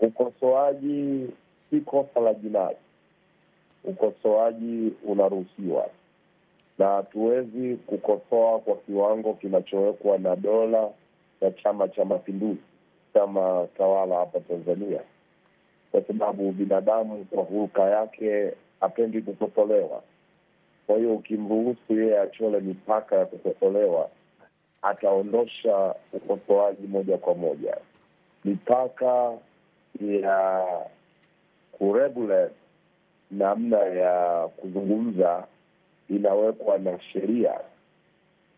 ukosoaji si kosa la jinai, ukosoaji unaruhusiwa, na hatuwezi kukosoa kwa kiwango kinachowekwa na dola ya Chama cha Mapinduzi chama tawala hapa Tanzania, kwa sababu binadamu kwa hulka yake hapendi kukosolewa. Kwa hiyo ukimruhusu yeye achole mipaka ya kukosolewa, ataondosha ukosoaji moja kwa moja. Mipaka ya kuregulate namna ya kuzungumza inawekwa na sheria,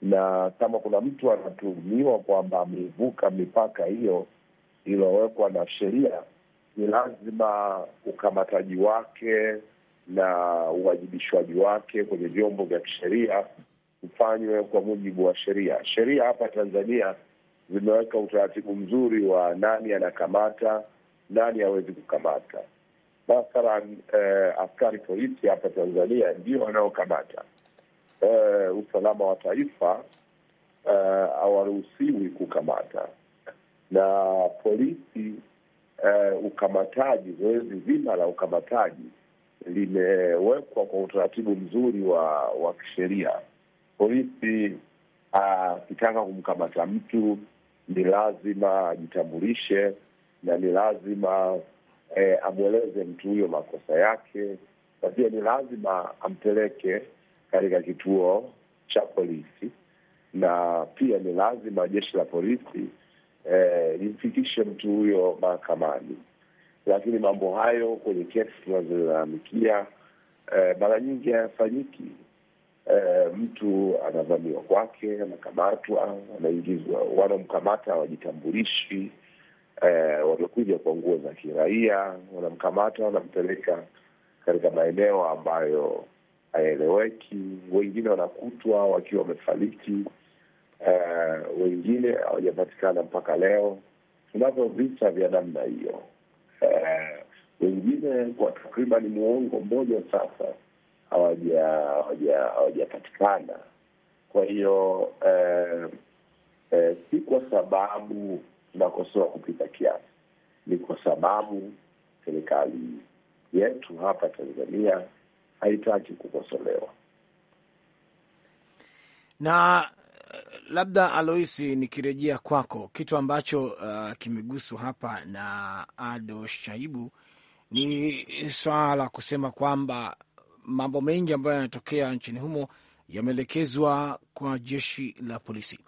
na kama kuna mtu anatuhumiwa kwamba ameivuka mipaka hiyo iliyowekwa na sheria, ni lazima ukamataji wake na uwajibishwaji wake kwenye vyombo vya kisheria ufanywe kwa mujibu wa sheria. Sheria hapa Tanzania zimeweka utaratibu mzuri wa nani anakamata nani awezi kukamata. Mathalan eh, askari polisi hapa Tanzania ndio wanaokamata eh, usalama wa taifa eh, hawaruhusiwi eh, kukamata na polisi eh, ukamataji, zoezi zima la ukamataji limewekwa kwa utaratibu mzuri wa wa kisheria. Polisi akitaka ah, uh, kumkamata mtu ni lazima ajitambulishe na ni lazima e, amweleze mtu huyo makosa yake, na pia ni lazima ampeleke katika kituo cha polisi, na pia ni lazima jeshi la polisi e, limfikishe mtu huyo mahakamani. Lakini mambo hayo kwenye kesi tunazolalamikia e, mara nyingi hayafanyiki. E, mtu anavamiwa kwake, anakamatwa, anaingizwa, wanamkamata, hawajitambulishi eh, wamekuja kwa nguo za kiraia, wanamkamata wanampeleka katika maeneo ambayo haeleweki. Wengine wanakutwa wakiwa wamefariki, eh, wengine hawajapatikana mpaka leo. Tunavyo visa vya namna hiyo eh, wengine kwa takriban muongo mmoja sasa hawajapatikana. Kwa hiyo eh, eh, si kwa sababu tunakosoa kupita kiasi. Ni kwa sababu serikali yetu hapa Tanzania haitaki kukosolewa. Na eh, labda Aloisi, nikirejea kwako, kitu ambacho uh, kimeguswa hapa na Ado Shaibu ni swala la kusema kwamba mambo mengi ambayo yanatokea nchini humo yameelekezwa kwa jeshi la polisi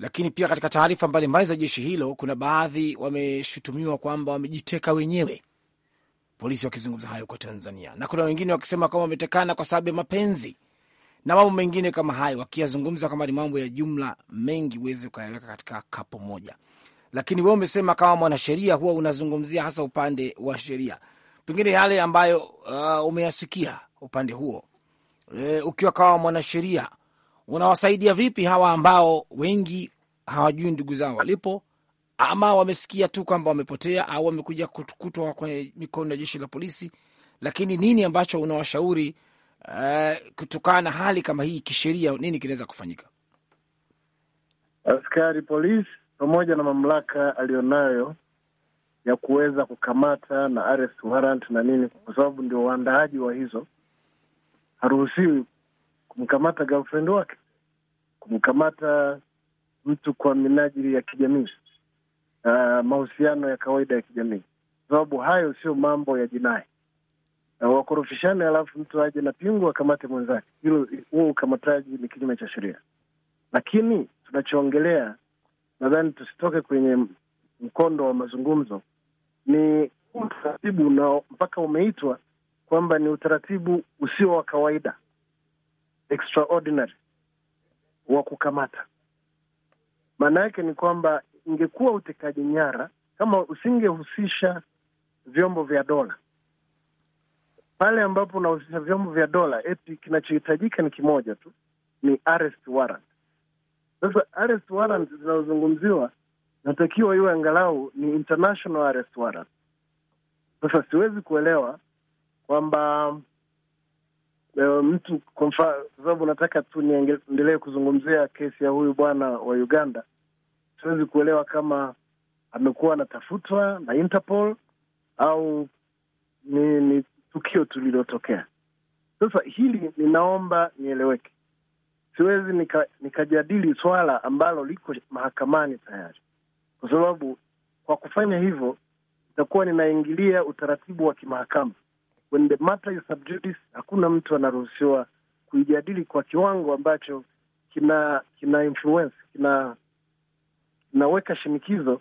lakini pia katika taarifa mbalimbali za jeshi hilo kuna baadhi wameshutumiwa kwamba wamejiteka wenyewe, polisi wakizungumza hayo kwa Tanzania, na kuna wengine wakisema kwamba wametekana kwa sababu ya mapenzi na mambo mengine kama hayo, wakiyazungumza kama ni mambo ya jumla mengi, huwezi ukayaweka katika kapo moja. Lakini we umesema kama mwanasheria huwa unazungumzia hasa upande wa sheria, pengine yale ambayo uh, umeyasikia upande huo e, ukiwa kama mwanasheria unawasaidia vipi hawa ambao wengi hawajui ndugu zao walipo, ama wamesikia tu kwamba wamepotea au wamekuja kutwa kwenye mikono ya jeshi la polisi? Lakini nini ambacho unawashauri uh, kutokana na hali kama hii kisheria, nini kinaweza kufanyika? Askari polisi pamoja na mamlaka aliyonayo ya kuweza kukamata na arrest warrant na nini, kwa sababu ndio waandaaji wa hizo, haruhusiwi kumkamata girlfriend wake, kumkamata mtu kwa minajili ya kijamii, uh, mahusiano ya kawaida ya kijamii, sababu hayo sio mambo ya jinai. Uh, wakorofishane, alafu mtu aje na pingu akamate mwenzake, hilo huo ukamataji ni kinyume cha sheria. Lakini tunachoongelea nadhani tusitoke kwenye mkondo wa mazungumzo, ni utaratibu mpaka umeitwa kwamba ni utaratibu usio wa kawaida extraordinary wa kukamata. Maana yake ni kwamba ingekuwa utekaji nyara kama usingehusisha vyombo vya dola. Pale ambapo unahusisha vyombo vya dola, eti kinachohitajika ni kimoja tu, ni arrest warrant. Sasa arrest warrant zinazozungumziwa natakiwa iwe angalau ni international arrest warrant. Sasa siwezi kuelewa kwamba uh, mtu kwa mfano, sababu nataka tu niendelee kuzungumzia kesi ya huyu bwana wa Uganda, siwezi kuelewa kama amekuwa anatafutwa na Interpol au ni, ni tukio tu lililotokea. Sasa hili ninaomba nieleweke. Siwezi nika, nikajadili swala ambalo liko mahakamani tayari, kwa sababu kwa kufanya hivyo nitakuwa ninaingilia utaratibu wa kimahakama when the matter is sub judice, hakuna mtu anaruhusiwa kuijadili kwa kiwango ambacho kina kina influence kina inaweka shinikizo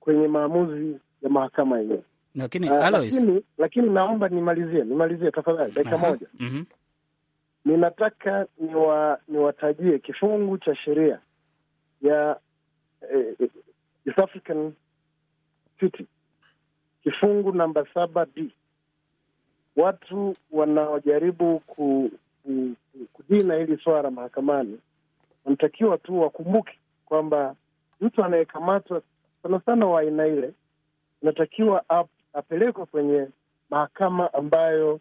kwenye maamuzi ya mahakama yenyewe. Lakini, uh, lakini, lakini naomba nimalizie nimalizie tafadhali dakika moja. mm -hmm. Ninataka niwa, niwatajie kifungu cha sheria ya eh, East African Treaty kifungu namba saba watu wanaojaribu ku, ku, kudina hili swala mahakamani wanatakiwa tu wakumbuke kwamba mtu anayekamatwa sana sana wa aina ile anatakiwa ap, apelekwe kwenye mahakama ambayo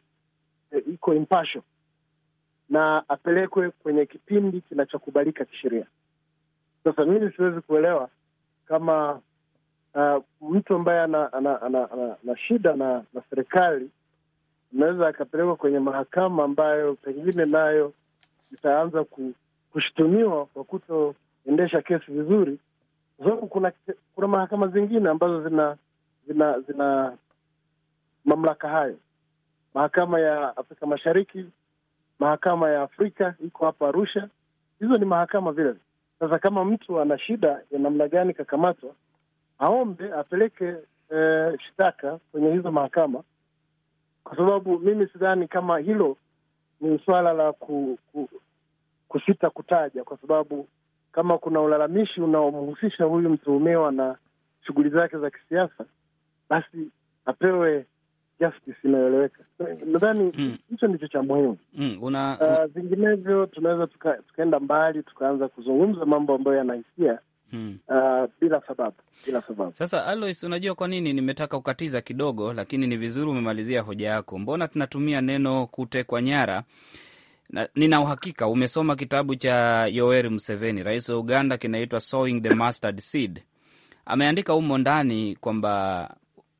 e, iko impartial na apelekwe kwenye kipindi kinachokubalika kisheria. Sasa mimi siwezi kuelewa kama uh, mtu ambaye ana, ana, ana, ana, ana, ana shida na, na serikali inaweza akapelekwa kwenye mahakama ambayo pengine nayo itaanza kushutumiwa kwa kutoendesha kesi vizuri, kwa sababu kuna, kuna mahakama zingine ambazo zina zina zina mamlaka hayo. Mahakama ya Afrika Mashariki, mahakama ya Afrika iko hapa Arusha. Hizo ni mahakama vile. Sasa kama mtu ana shida ya namna gani kakamatwa, aombe apeleke eh, shtaka kwenye hizo mahakama kwa sababu mimi sidhani kama hilo ni swala la ku, ku, kusita kutaja, kwa sababu kama kuna ulalamishi unaomhusisha huyu mtuhumiwa na shughuli zake za kisiasa, basi apewe justice inayoeleweka. Nadhani mm. hicho ndicho cha muhimu mm. una... uh, vinginevyo tunaweza tuka, tukaenda mbali tukaanza kuzungumza mambo ambayo yanahisia Hmm. Ah, bila sababu, bila sababu. Sasa Alois, unajua kwa nini nimetaka kukatiza kidogo, lakini ni vizuri umemalizia hoja yako. Mbona tunatumia neno kutekwa nyara? Na, nina uhakika umesoma kitabu cha Yoweri Museveni, rais wa Uganda, kinaitwa Sowing the Mustard Seed. Ameandika humo ndani kwamba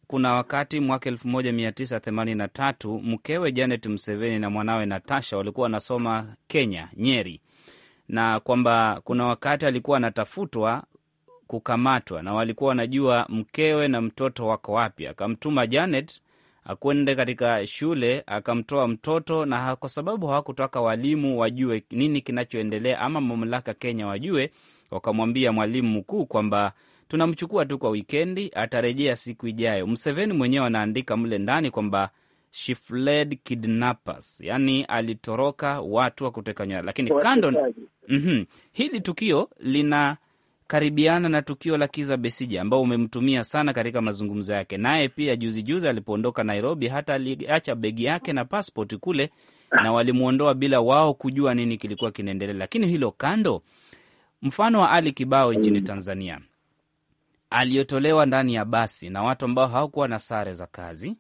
kuna wakati mwaka elfu moja mia tisa themanini na tatu mkewe Janet Museveni na mwanawe Natasha walikuwa wanasoma Kenya, Nyeri, na kwamba kuna wakati alikuwa anatafutwa kukamatwa, na walikuwa wanajua mkewe na mtoto wako wapi. Akamtuma Janet akwende katika shule akamtoa mtoto, na kwa sababu hawakutaka walimu wajue nini kinachoendelea ama mamlaka Kenya wajue, wakamwambia mwalimu mkuu kwamba tunamchukua tu kwa wikendi, atarejea siku ijayo. Mseveni mwenyewe anaandika mle ndani kwamba she fled kidnappers, yani alitoroka watu wa kuteka nyara. Lakini kando, mm -hmm. Hili tukio linakaribiana na tukio la Kiza Besija ambao umemtumia sana katika mazungumzo yake naye. Pia juzi juzi alipoondoka Nairobi, hata aliacha begi yake na paspoti kule, na walimwondoa bila wao kujua nini kilikuwa kinaendelea. Lakini hilo kando, mfano wa Ali Kibao nchini mm. Tanzania aliyotolewa ndani ya basi na watu ambao hawakuwa na sare za kazi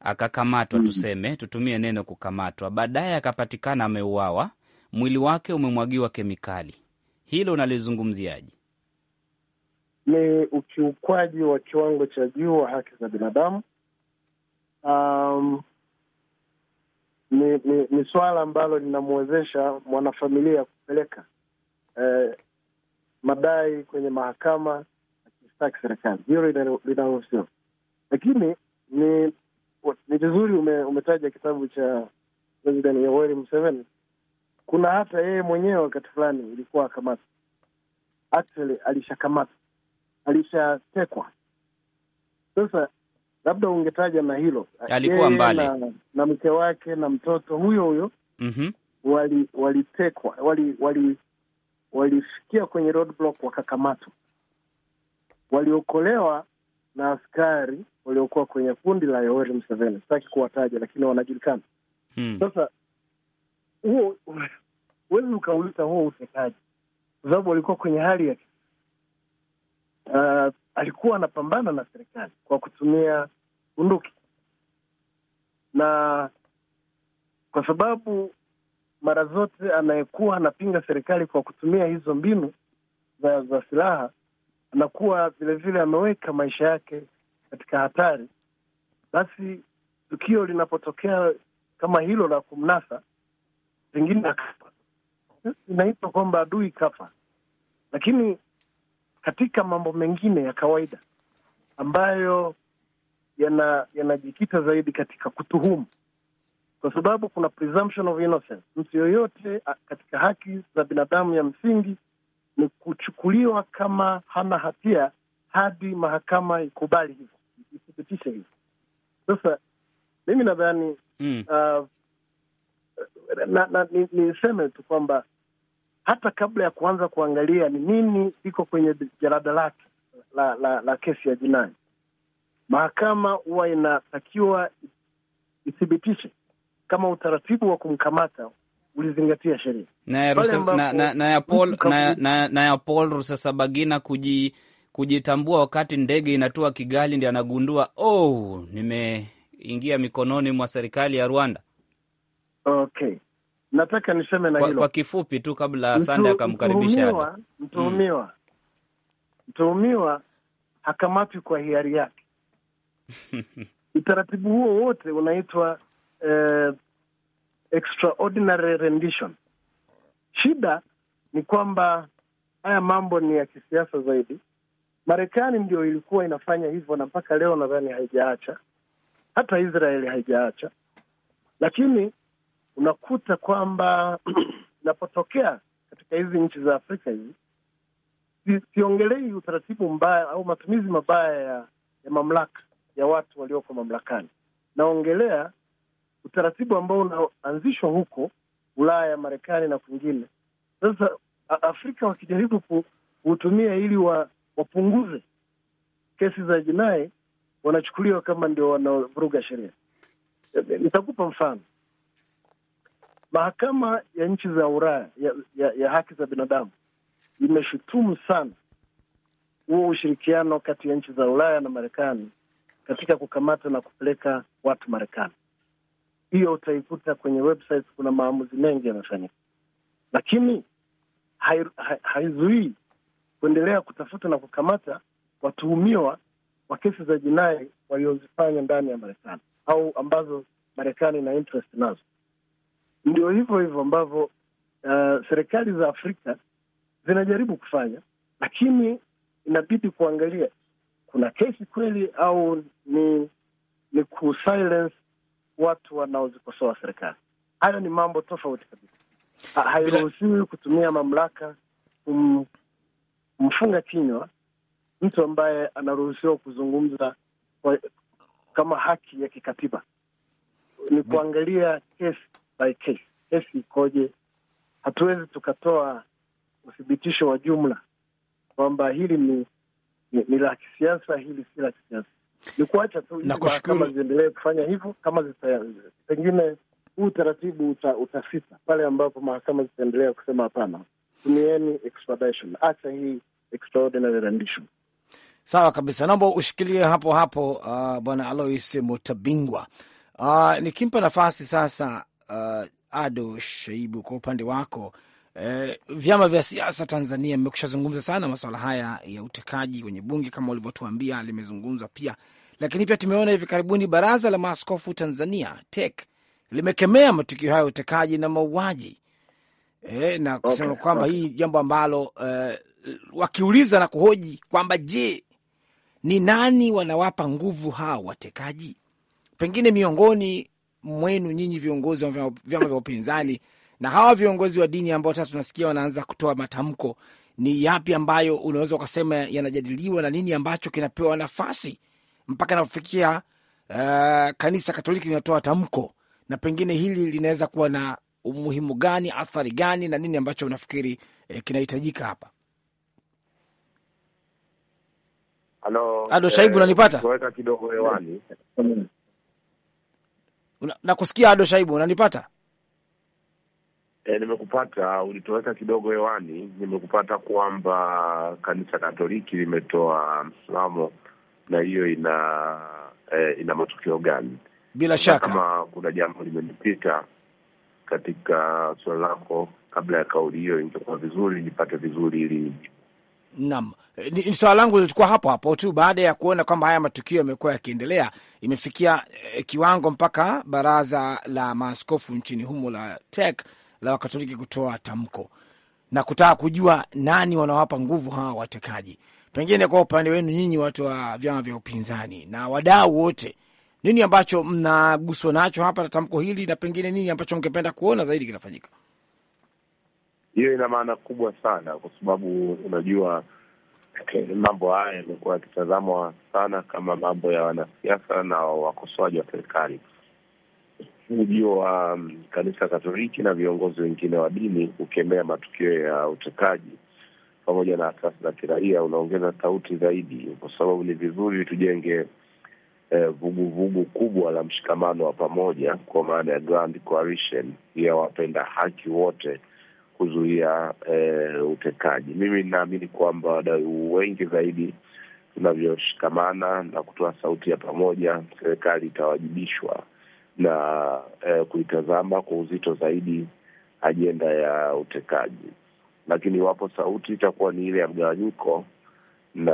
akakamatwa, mm. tuseme tutumie neno kukamatwa, baadaye akapatikana ameuawa mwili wake umemwagiwa kemikali. Hilo unalizungumziaje? Ni ukiukwaji wa kiwango cha juu wa haki za binadamu. Um, ni, ni, ni suala ambalo linamwezesha mwanafamilia kupeleka eh, madai kwenye mahakama akistaki serikali. Hilo linaruhusiwa, lakini ni ni vizuri ume, umetaja kitabu cha President Yoweri Museveni kuna hata yeye mwenyewe wakati fulani ilikuwa akamata actually alishakamata alishatekwa. Sasa labda ungetaja na hilo, alikuwa mbali na, na mke wake na mtoto huyo huyo mm -hmm. wali- walitekwa wali wali walifikia kwenye wakakamatwa, waliokolewa na askari waliokuwa kwenye kundi la Yoweri Museveni. Sitaki kuwataja, lakini wanajulikana. Hmm. Sasa huo huwezi ukauita huo utekaji, kwa sababu walikuwa kwenye hali ya uh, alikuwa anapambana na serikali kwa kutumia bunduki, na kwa sababu mara zote anayekuwa anapinga serikali kwa kutumia hizo mbinu za, za silaha anakuwa vilevile ameweka maisha yake katika hatari. Basi tukio linapotokea kama hilo la kumnasa, zingine akafa. Inaitwa kwamba adui kafa, lakini katika mambo mengine ya kawaida ambayo yana yanajikita zaidi katika kutuhumu, kwa sababu kuna presumption of innocence. Mtu yoyote katika haki za binadamu ya msingi ni kuchukuliwa kama hana hatia hadi mahakama ikubali hivyo, ithibitishe hivyo. Sasa mimi nadhani mm. uh, na, na niseme ni tu kwamba hata kabla ya kuanza kuangalia ni nini iko kwenye jarada lake la, la, la kesi ya jinai, mahakama huwa inatakiwa ithibitishe kama utaratibu wa kumkamata ulizingatia sheria na, na, na, na ya Paul, na, na, na ya Paul Rusesabagina kuji kujitambua wakati ndege inatua Kigali, ndi anagundua oh, nimeingia mikononi mwa serikali ya Rwanda. Okay, nataka niseme na hilo kwa, kifupi tu kabla Sande akamkaribisha mm. mtuhumiwa. Mtuhumiwa hakamatwi kwa hiari yake [laughs] utaratibu huo wote unaitwa eh, extraordinary rendition. Shida ni kwamba haya mambo ni ya kisiasa zaidi. Marekani ndio ilikuwa inafanya hivyo na mpaka leo nadhani haijaacha, hata Israeli haijaacha, lakini unakuta kwamba [clears throat] inapotokea katika hizi nchi za Afrika hizi, siongelei utaratibu mbaya au matumizi mabaya ya, ya mamlaka ya watu walioko mamlakani, naongelea utaratibu ambao unaanzishwa huko Ulaya, Marekani na kwingine. Sasa Afrika wakijaribu kuutumia ili wa, wapunguze kesi za jinai, wanachukuliwa kama ndio wanavuruga sheria. E, e, nitakupa mfano Mahakama ya nchi za Ulaya ya, ya, ya haki za binadamu imeshutumu sana huo ushirikiano kati ya nchi za Ulaya na Marekani katika kukamata na kupeleka watu Marekani. Hiyo utaikuta kwenye website, kuna maamuzi mengi yanafanyika, lakini haizuii hai, hai kuendelea kutafuta na kukamata watuhumiwa wa kesi za jinai waliozifanya ndani ya Marekani au ambazo Marekani ina interest nazo. Ndio hivyo hivyo ambavyo uh, serikali za Afrika zinajaribu kufanya, lakini inabidi kuangalia kuna kesi kweli au ni ni kusilence watu wanaozikosoa serikali. Hayo ni mambo tofauti kabisa. hairuhusiwi kutumia mamlaka kumfunga kinywa mtu ambaye anaruhusiwa kuzungumza kwa, kama haki ya kikatiba. Ni kuangalia kesi by case, kesi ikoje. Hatuwezi tukatoa uthibitisho wa jumla kwamba hili ni, ni, ni la kisiasa, hili si la kisiasa. Ni kuacha tu kama ziendelee kufanya hivyo, kama pengine huu utaratibu uta, utafika pale ambapo mahakama zitaendelea kusema hapana, tumieni extradition, acha hii extraordinary rendition. Sawa kabisa, naomba ushikilie hapo hapo, uh, Bwana Alois Mutabingwa. Uh, nikimpa nafasi sasa uh, Ado Shaibu, kwa upande wako eh, vyama vya siasa Tanzania, mmekushazungumza sana masuala haya ya utekaji kwenye bunge kama ulivyotuambia, limezungumzwa pia, lakini pia tumeona hivi karibuni baraza la maaskofu Tanzania TEC limekemea matukio hayo ya utekaji na mauaji e, na kusema okay, kwamba okay, hii jambo ambalo eh, wakiuliza na kuhoji kwamba je, ni nani wanawapa nguvu hawa watekaji? Pengine miongoni mwenu nyinyi viongozi wa vyama vya upinzani na hawa viongozi wa dini ambao sasa tunasikia wanaanza kutoa matamko, ni yapi ambayo unaweza ukasema yanajadiliwa na nini ambacho kinapewa nafasi mpaka nafikia uh, kanisa Katoliki linatoa tamko, na pengine hili linaweza kuwa na umuhimu gani, athari gani, na nini ambacho unafikiri eh, kinahitajika hapa? Halo, halo, eh, Shaibu, unanipata? Weka kidogo hewani. Mm nakusikia na Ado Shaibu, unanipata? E, nimekupata. Ulitoweka kidogo hewani. Nimekupata kwamba kanisa Katoliki limetoa msimamo, na hiyo ina e, ina matukio gani? Bila shaka kama kuna jambo limenipita katika swala lako kabla ya kauli hiyo, ingekuwa vizuri nipate vizuri ili Naam, eh, ni swala langu lilichukua hapo hapo tu, baada ya kuona kwamba haya matukio yamekuwa yakiendelea, imefikia eh, kiwango mpaka baraza la maaskofu nchini humo la TEC la Wakatoliki kutoa tamko na kutaka kujua nani wanawapa nguvu hawa watekaji. Pengine kwa upande wenu nyinyi watu wa vyama vya upinzani na wadau wote, nini ambacho mnaguswa nacho hapa na tamko hili, na pengine nini ambacho mngependa kuona zaidi kinafanyika? hiyo ina maana kubwa sana, kwa sababu unajua eh, mambo haya yamekuwa yakitazamwa sana kama mambo ya wanasiasa na wakosoaji wa serikali. Ujio wa um, kanisa Katoliki na viongozi wengine wa dini kukemea matukio ya utekaji pamoja na asasi za kiraia unaongeza sauti zaidi, kwa sababu ni vizuri tujenge eh, vuguvugu eh, kubwa la mshikamano wa pamoja, kwa maana ya grand coalition ya wapenda haki wote kuzuia e, utekaji. Mimi ninaamini kwamba wadau wengi zaidi tunavyoshikamana na kutoa sauti ya pamoja, serikali itawajibishwa na e, kuitazama kwa uzito zaidi ajenda ya utekaji. Lakini iwapo sauti itakuwa ni ile ya mgawanyiko na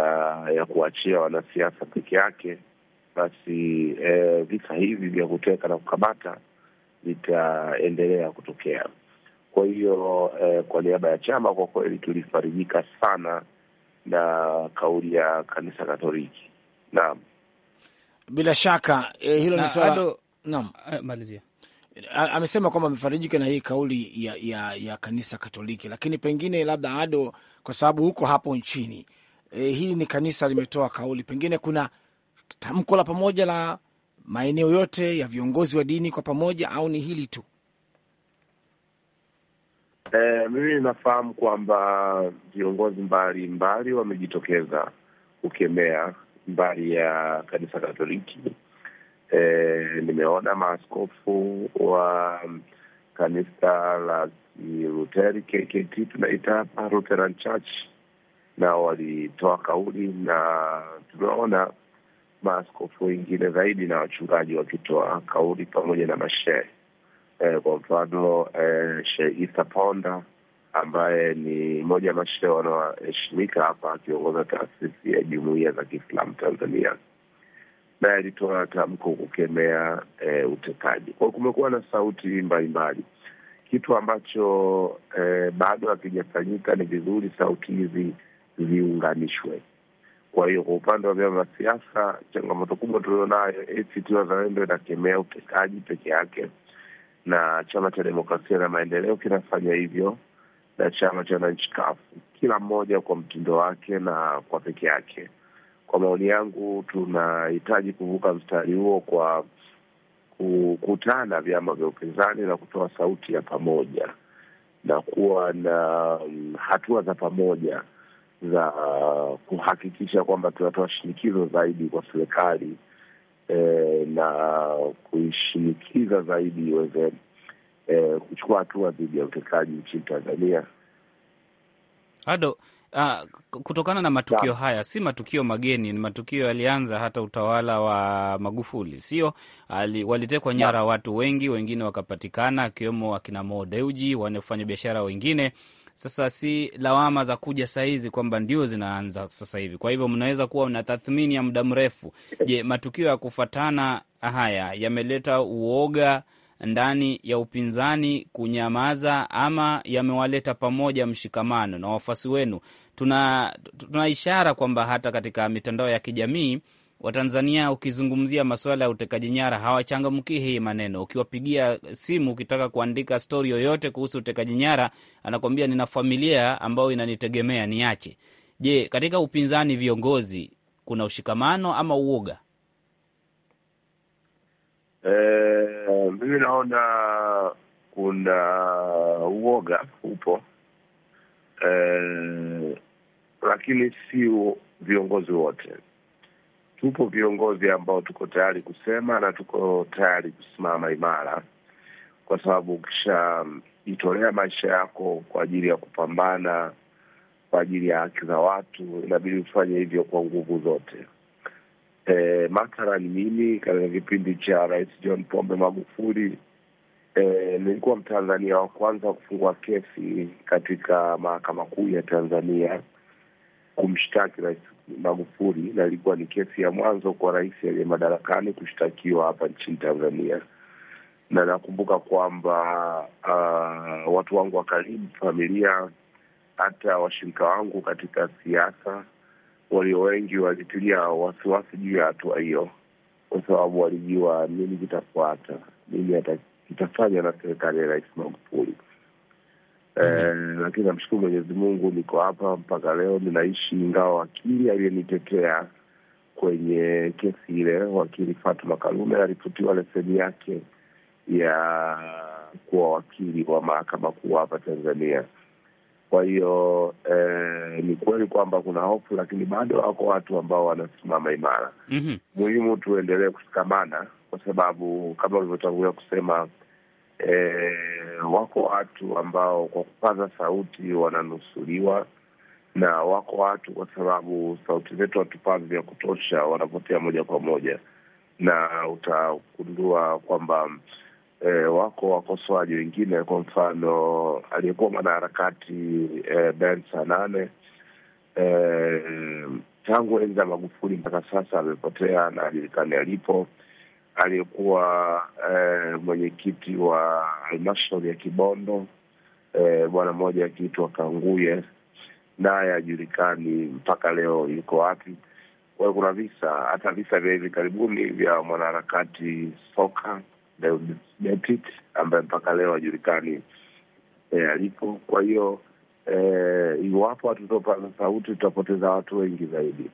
ya kuachia wanasiasa peke yake, basi e, visa hivi vya kuteka na kukamata vitaendelea kutokea. Kwa hiyo eh, kwa niaba ya chama kwa kweli tulifarijika sana na kauli ya kanisa Katoliki. Naam, bila shaka eh, hilo ni swala. Naam, eh, malizia amesema kwamba amefarijika na hii kauli ya, ya, ya kanisa Katoliki, lakini pengine labda Ado, kwa sababu huko hapo nchini e, hili ni kanisa limetoa kauli, pengine kuna tamko la pamoja la maeneo yote ya viongozi wa dini kwa pamoja, au ni hili tu? E, mimi ninafahamu kwamba viongozi mbalimbali wamejitokeza kukemea mbali ya kanisa Katoliki. E, nimeona maaskofu wa kanisa la Kiluteri KKT tunaita hapa Lutheran Church, nao walitoa kauli na tumeona maaskofu wengine zaidi na wachungaji wakitoa kauli pamoja na mashehe eh, kwa mfano eh, Sheikh Ponda ambaye ni mmoja ya mashehe wanaoheshimika hapa akiongoza taasisi ya jumuiya za Kiislamu Tanzania, naye alitoa tamko kukemea eh, utekaji. Kwa kumekuwa na sauti mbalimbali mbali. Kitu ambacho eh, bado hakijafanyika ni vizuri sauti hizi ziunganishwe. Kwa hiyo kwa upande wa vyama vya siasa, changamoto kubwa tulionayo, ACT Wazalendo inakemea utekaji peke yake na chama cha demokrasia na maendeleo kinafanya hivyo na chama cha wananchi kafu, kila mmoja kwa mtindo wake na kwa peke yake. Kwa maoni yangu, tunahitaji kuvuka mstari huo kwa kukutana vyama vya upinzani na kutoa sauti ya pamoja na kuwa na mm, hatua za pamoja za uh, kuhakikisha kwamba tunatoa shinikizo zaidi kwa serikali e, na kuishinikiza zaidi iweze e, kuchukua hatua dhidi ya utekaji nchini Tanzania. Ado, uh, kutokana na matukio da, haya si matukio mageni, ni matukio yalianza hata utawala wa Magufuli, sio? Walitekwa nyara da, watu wengi, wengine wakapatikana, akiwemo akina Mo Dewji, wanafanya biashara wengine sasa si lawama za kuja sahizi kwamba ndio zinaanza sasa hivi. Kwa hivyo mnaweza kuwa na tathmini ya muda mrefu. Je, matukio ya kufatana haya yameleta uoga ndani ya upinzani kunyamaza, ama yamewaleta pamoja, mshikamano na wafuasi wenu? Tuna, tuna ishara kwamba hata katika mitandao ya kijamii Watanzania ukizungumzia masuala ya utekaji nyara hawachangamki hii maneno. Ukiwapigia simu ukitaka kuandika stori yoyote kuhusu utekaji nyara, anakuambia nina familia ambayo inanitegemea niache. Je, katika upinzani viongozi kuna ushikamano ama uoga? E, mimi naona kuna uoga upo, e, lakini sio viongozi wote tupo viongozi ambao tuko tayari kusema na tuko tayari kusimama imara, kwa sababu ukishaitolea maisha yako kwa ajili ya kupambana kwa ajili ya haki za watu, inabidi ufanye hivyo kwa nguvu zote. E, ni mimi katika kipindi cha Rais John Pombe Magufuli e, nilikuwa Mtanzania wa kwanza kufungua kesi katika Mahakama Kuu ya Tanzania kumshtaki Rais Magufuli, na ilikuwa ni kesi ya mwanzo kwa rais aliye madarakani kushtakiwa hapa nchini Tanzania. Na nakumbuka kwamba uh, watu wangu wa karibu, familia, hata washirika wangu katika siasa walio wengi walitilia wasiwasi juu ya hatua hiyo, kwa sababu walijua nini kitafuata, nini kitafanya na serikali ya Rais Magufuli mm. Lakini namshukuru Mwenyezi Mungu, niko hapa mpaka leo ninaishi, ingawa wakili aliyenitetea kwenye kesi ile, wakili Fatuma Karume alifutiwa leseni yake ya kuwa wakili wa mahakama kuu hapa Tanzania. Kwa hiyo eh, ni kweli kwamba kuna hofu, lakini bado wako watu ambao wanasimama imara. Mhm. Muhimu mm -hmm. tuendelee kushikamana, kwa sababu kama ulivyotangulia kusema e, wako watu ambao kwa kupaza sauti wananusuliwa na wako watu kwa sababu sauti zetu hatupazi vya kutosha, wanapotea moja kwa moja, na utagundua kwamba e, wako wakosoaji wengine. Kwa mfano aliyekuwa mwanaharakati e, Ben nane e, tangu enzi ya Magufuli mpaka sasa amepotea na ajulikani alipo aliyekuwa eh, mwenyekiti wa halmashauri ya Kibondo eh, bwana mmoja akiitwa Kanguye, naye hajulikani mpaka leo yuko wapi. kwahio kuna visa, hata visa vya hivi karibuni vya mwanaharakati soka ambaye mpaka leo hajulikani eh, alipo. Kwa hiyo eh, iwapo hatutopaza sauti tutapoteza watu wengi zaidi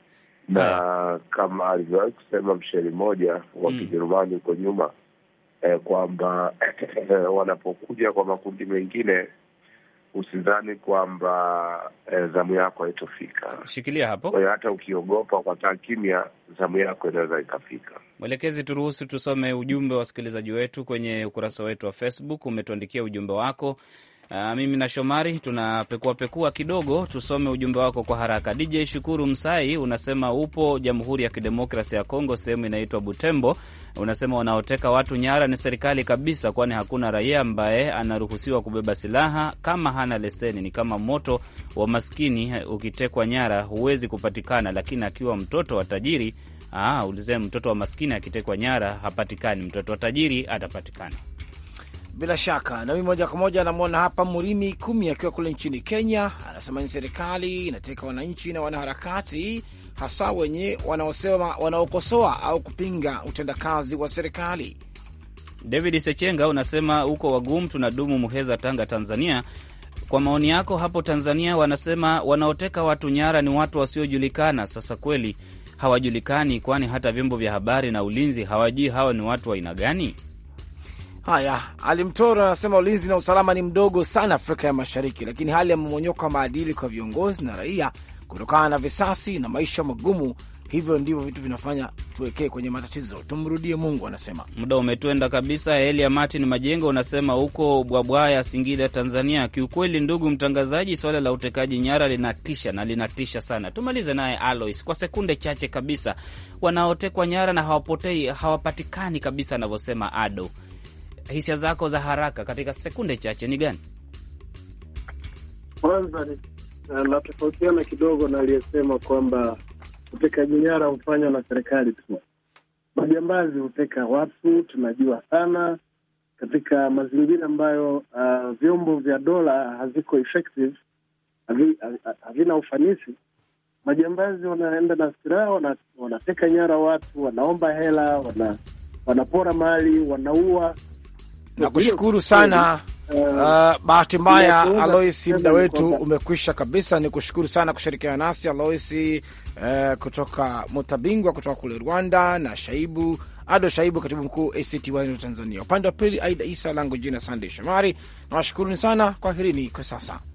na eh. kama alivyowahi kusema mshairi mmoja wa mm. Kijerumani huko nyuma eh, kwamba eh, wanapokuja kwa makundi mengine usidhani kwamba eh, zamu yako haitofika. Shikilia hapo. Kwa hiyo hata ukiogopa taa kimya, zamu yako inaweza ikafika. Mwelekezi, turuhusu tusome ujumbe wa wasikilizaji wetu kwenye ukurasa wetu wa Facebook. Umetuandikia ujumbe wako Uh, mimi na Shomari tunapekuapekua kidogo, tusome ujumbe wako kwa haraka. DJ Shukuru Msai unasema upo Jamhuri ya Kidemokrasia ya Kongo, sehemu inaitwa Butembo. Unasema wanaoteka watu nyara ni serikali kabisa, kwani hakuna raia ambaye anaruhusiwa kubeba silaha kama hana leseni. Ni kama moto wa maskini, ukitekwa nyara huwezi kupatikana, lakini akiwa mtoto wa tajiri, ah, mtoto wa maskini akitekwa nyara hapatikani, mtoto wa tajiri atapatikana. Bila shaka nami moja kwa moja anamwona hapa Murimi Kumi akiwa kule nchini Kenya, anasema ni serikali inateka wananchi na wanaharakati, hasa wenye wanaosema wanaokosoa au kupinga utendakazi wa serikali. David Sechenga unasema huko wagumu tunadumu Muheza, Tanga, Tanzania. Kwa maoni yako hapo Tanzania wanasema wanaoteka watu nyara ni watu wasiojulikana. Sasa kweli hawajulikani, kwani hata vyombo vya habari na ulinzi hawajui hawa ni watu wa aina gani? Haya, alimtora anasema ulinzi na usalama ni mdogo sana Afrika ya Mashariki, lakini hali ya mmonyoko wa maadili kwa viongozi na raia kutokana na visasi na maisha magumu hivyo ndivyo vitu vinafanya tuwekee kwenye matatizo, tumrudie Mungu. Anasema muda umetwenda kabisa. Elia Martin Majengo unasema huko Bwabwaya, Singida, Tanzania. Kiukweli ndugu mtangazaji, swala la utekaji nyara linatisha na linatisha sana. Tumalize naye Alois kwa sekunde chache kabisa. Wanaotekwa nyara na hawapotei hawapatikani kabisa, anavyosema Ado hisia zako za haraka katika sekunde chache ni gani? Kwanza eh, natofautiana kidogo na aliyesema kwamba utekaji nyara hufanywa na serikali tu. Majambazi huteka watu, tunajua sana, katika mazingira ambayo uh, vyombo vya dola haziko effective, havina ufanisi. Majambazi wanaenda na silaha, wanateka nyara watu, wanaomba hela, wana, wanapora mali, wanaua Nakushukuru sana uh, bahati mbaya Alois, muda wetu umekwisha kabisa. Ni kushukuru sana kushirikiana nasi Alois uh, kutoka Mutabingwa kutoka kule Rwanda na Shaibu Ado Shaibu, katibu mkuu ACT Wazalendo Tanzania. Upande wa pili Aida Isa, langu jina Sandey Shomari, nawashukuruni sana. Kwaherini kwa sasa.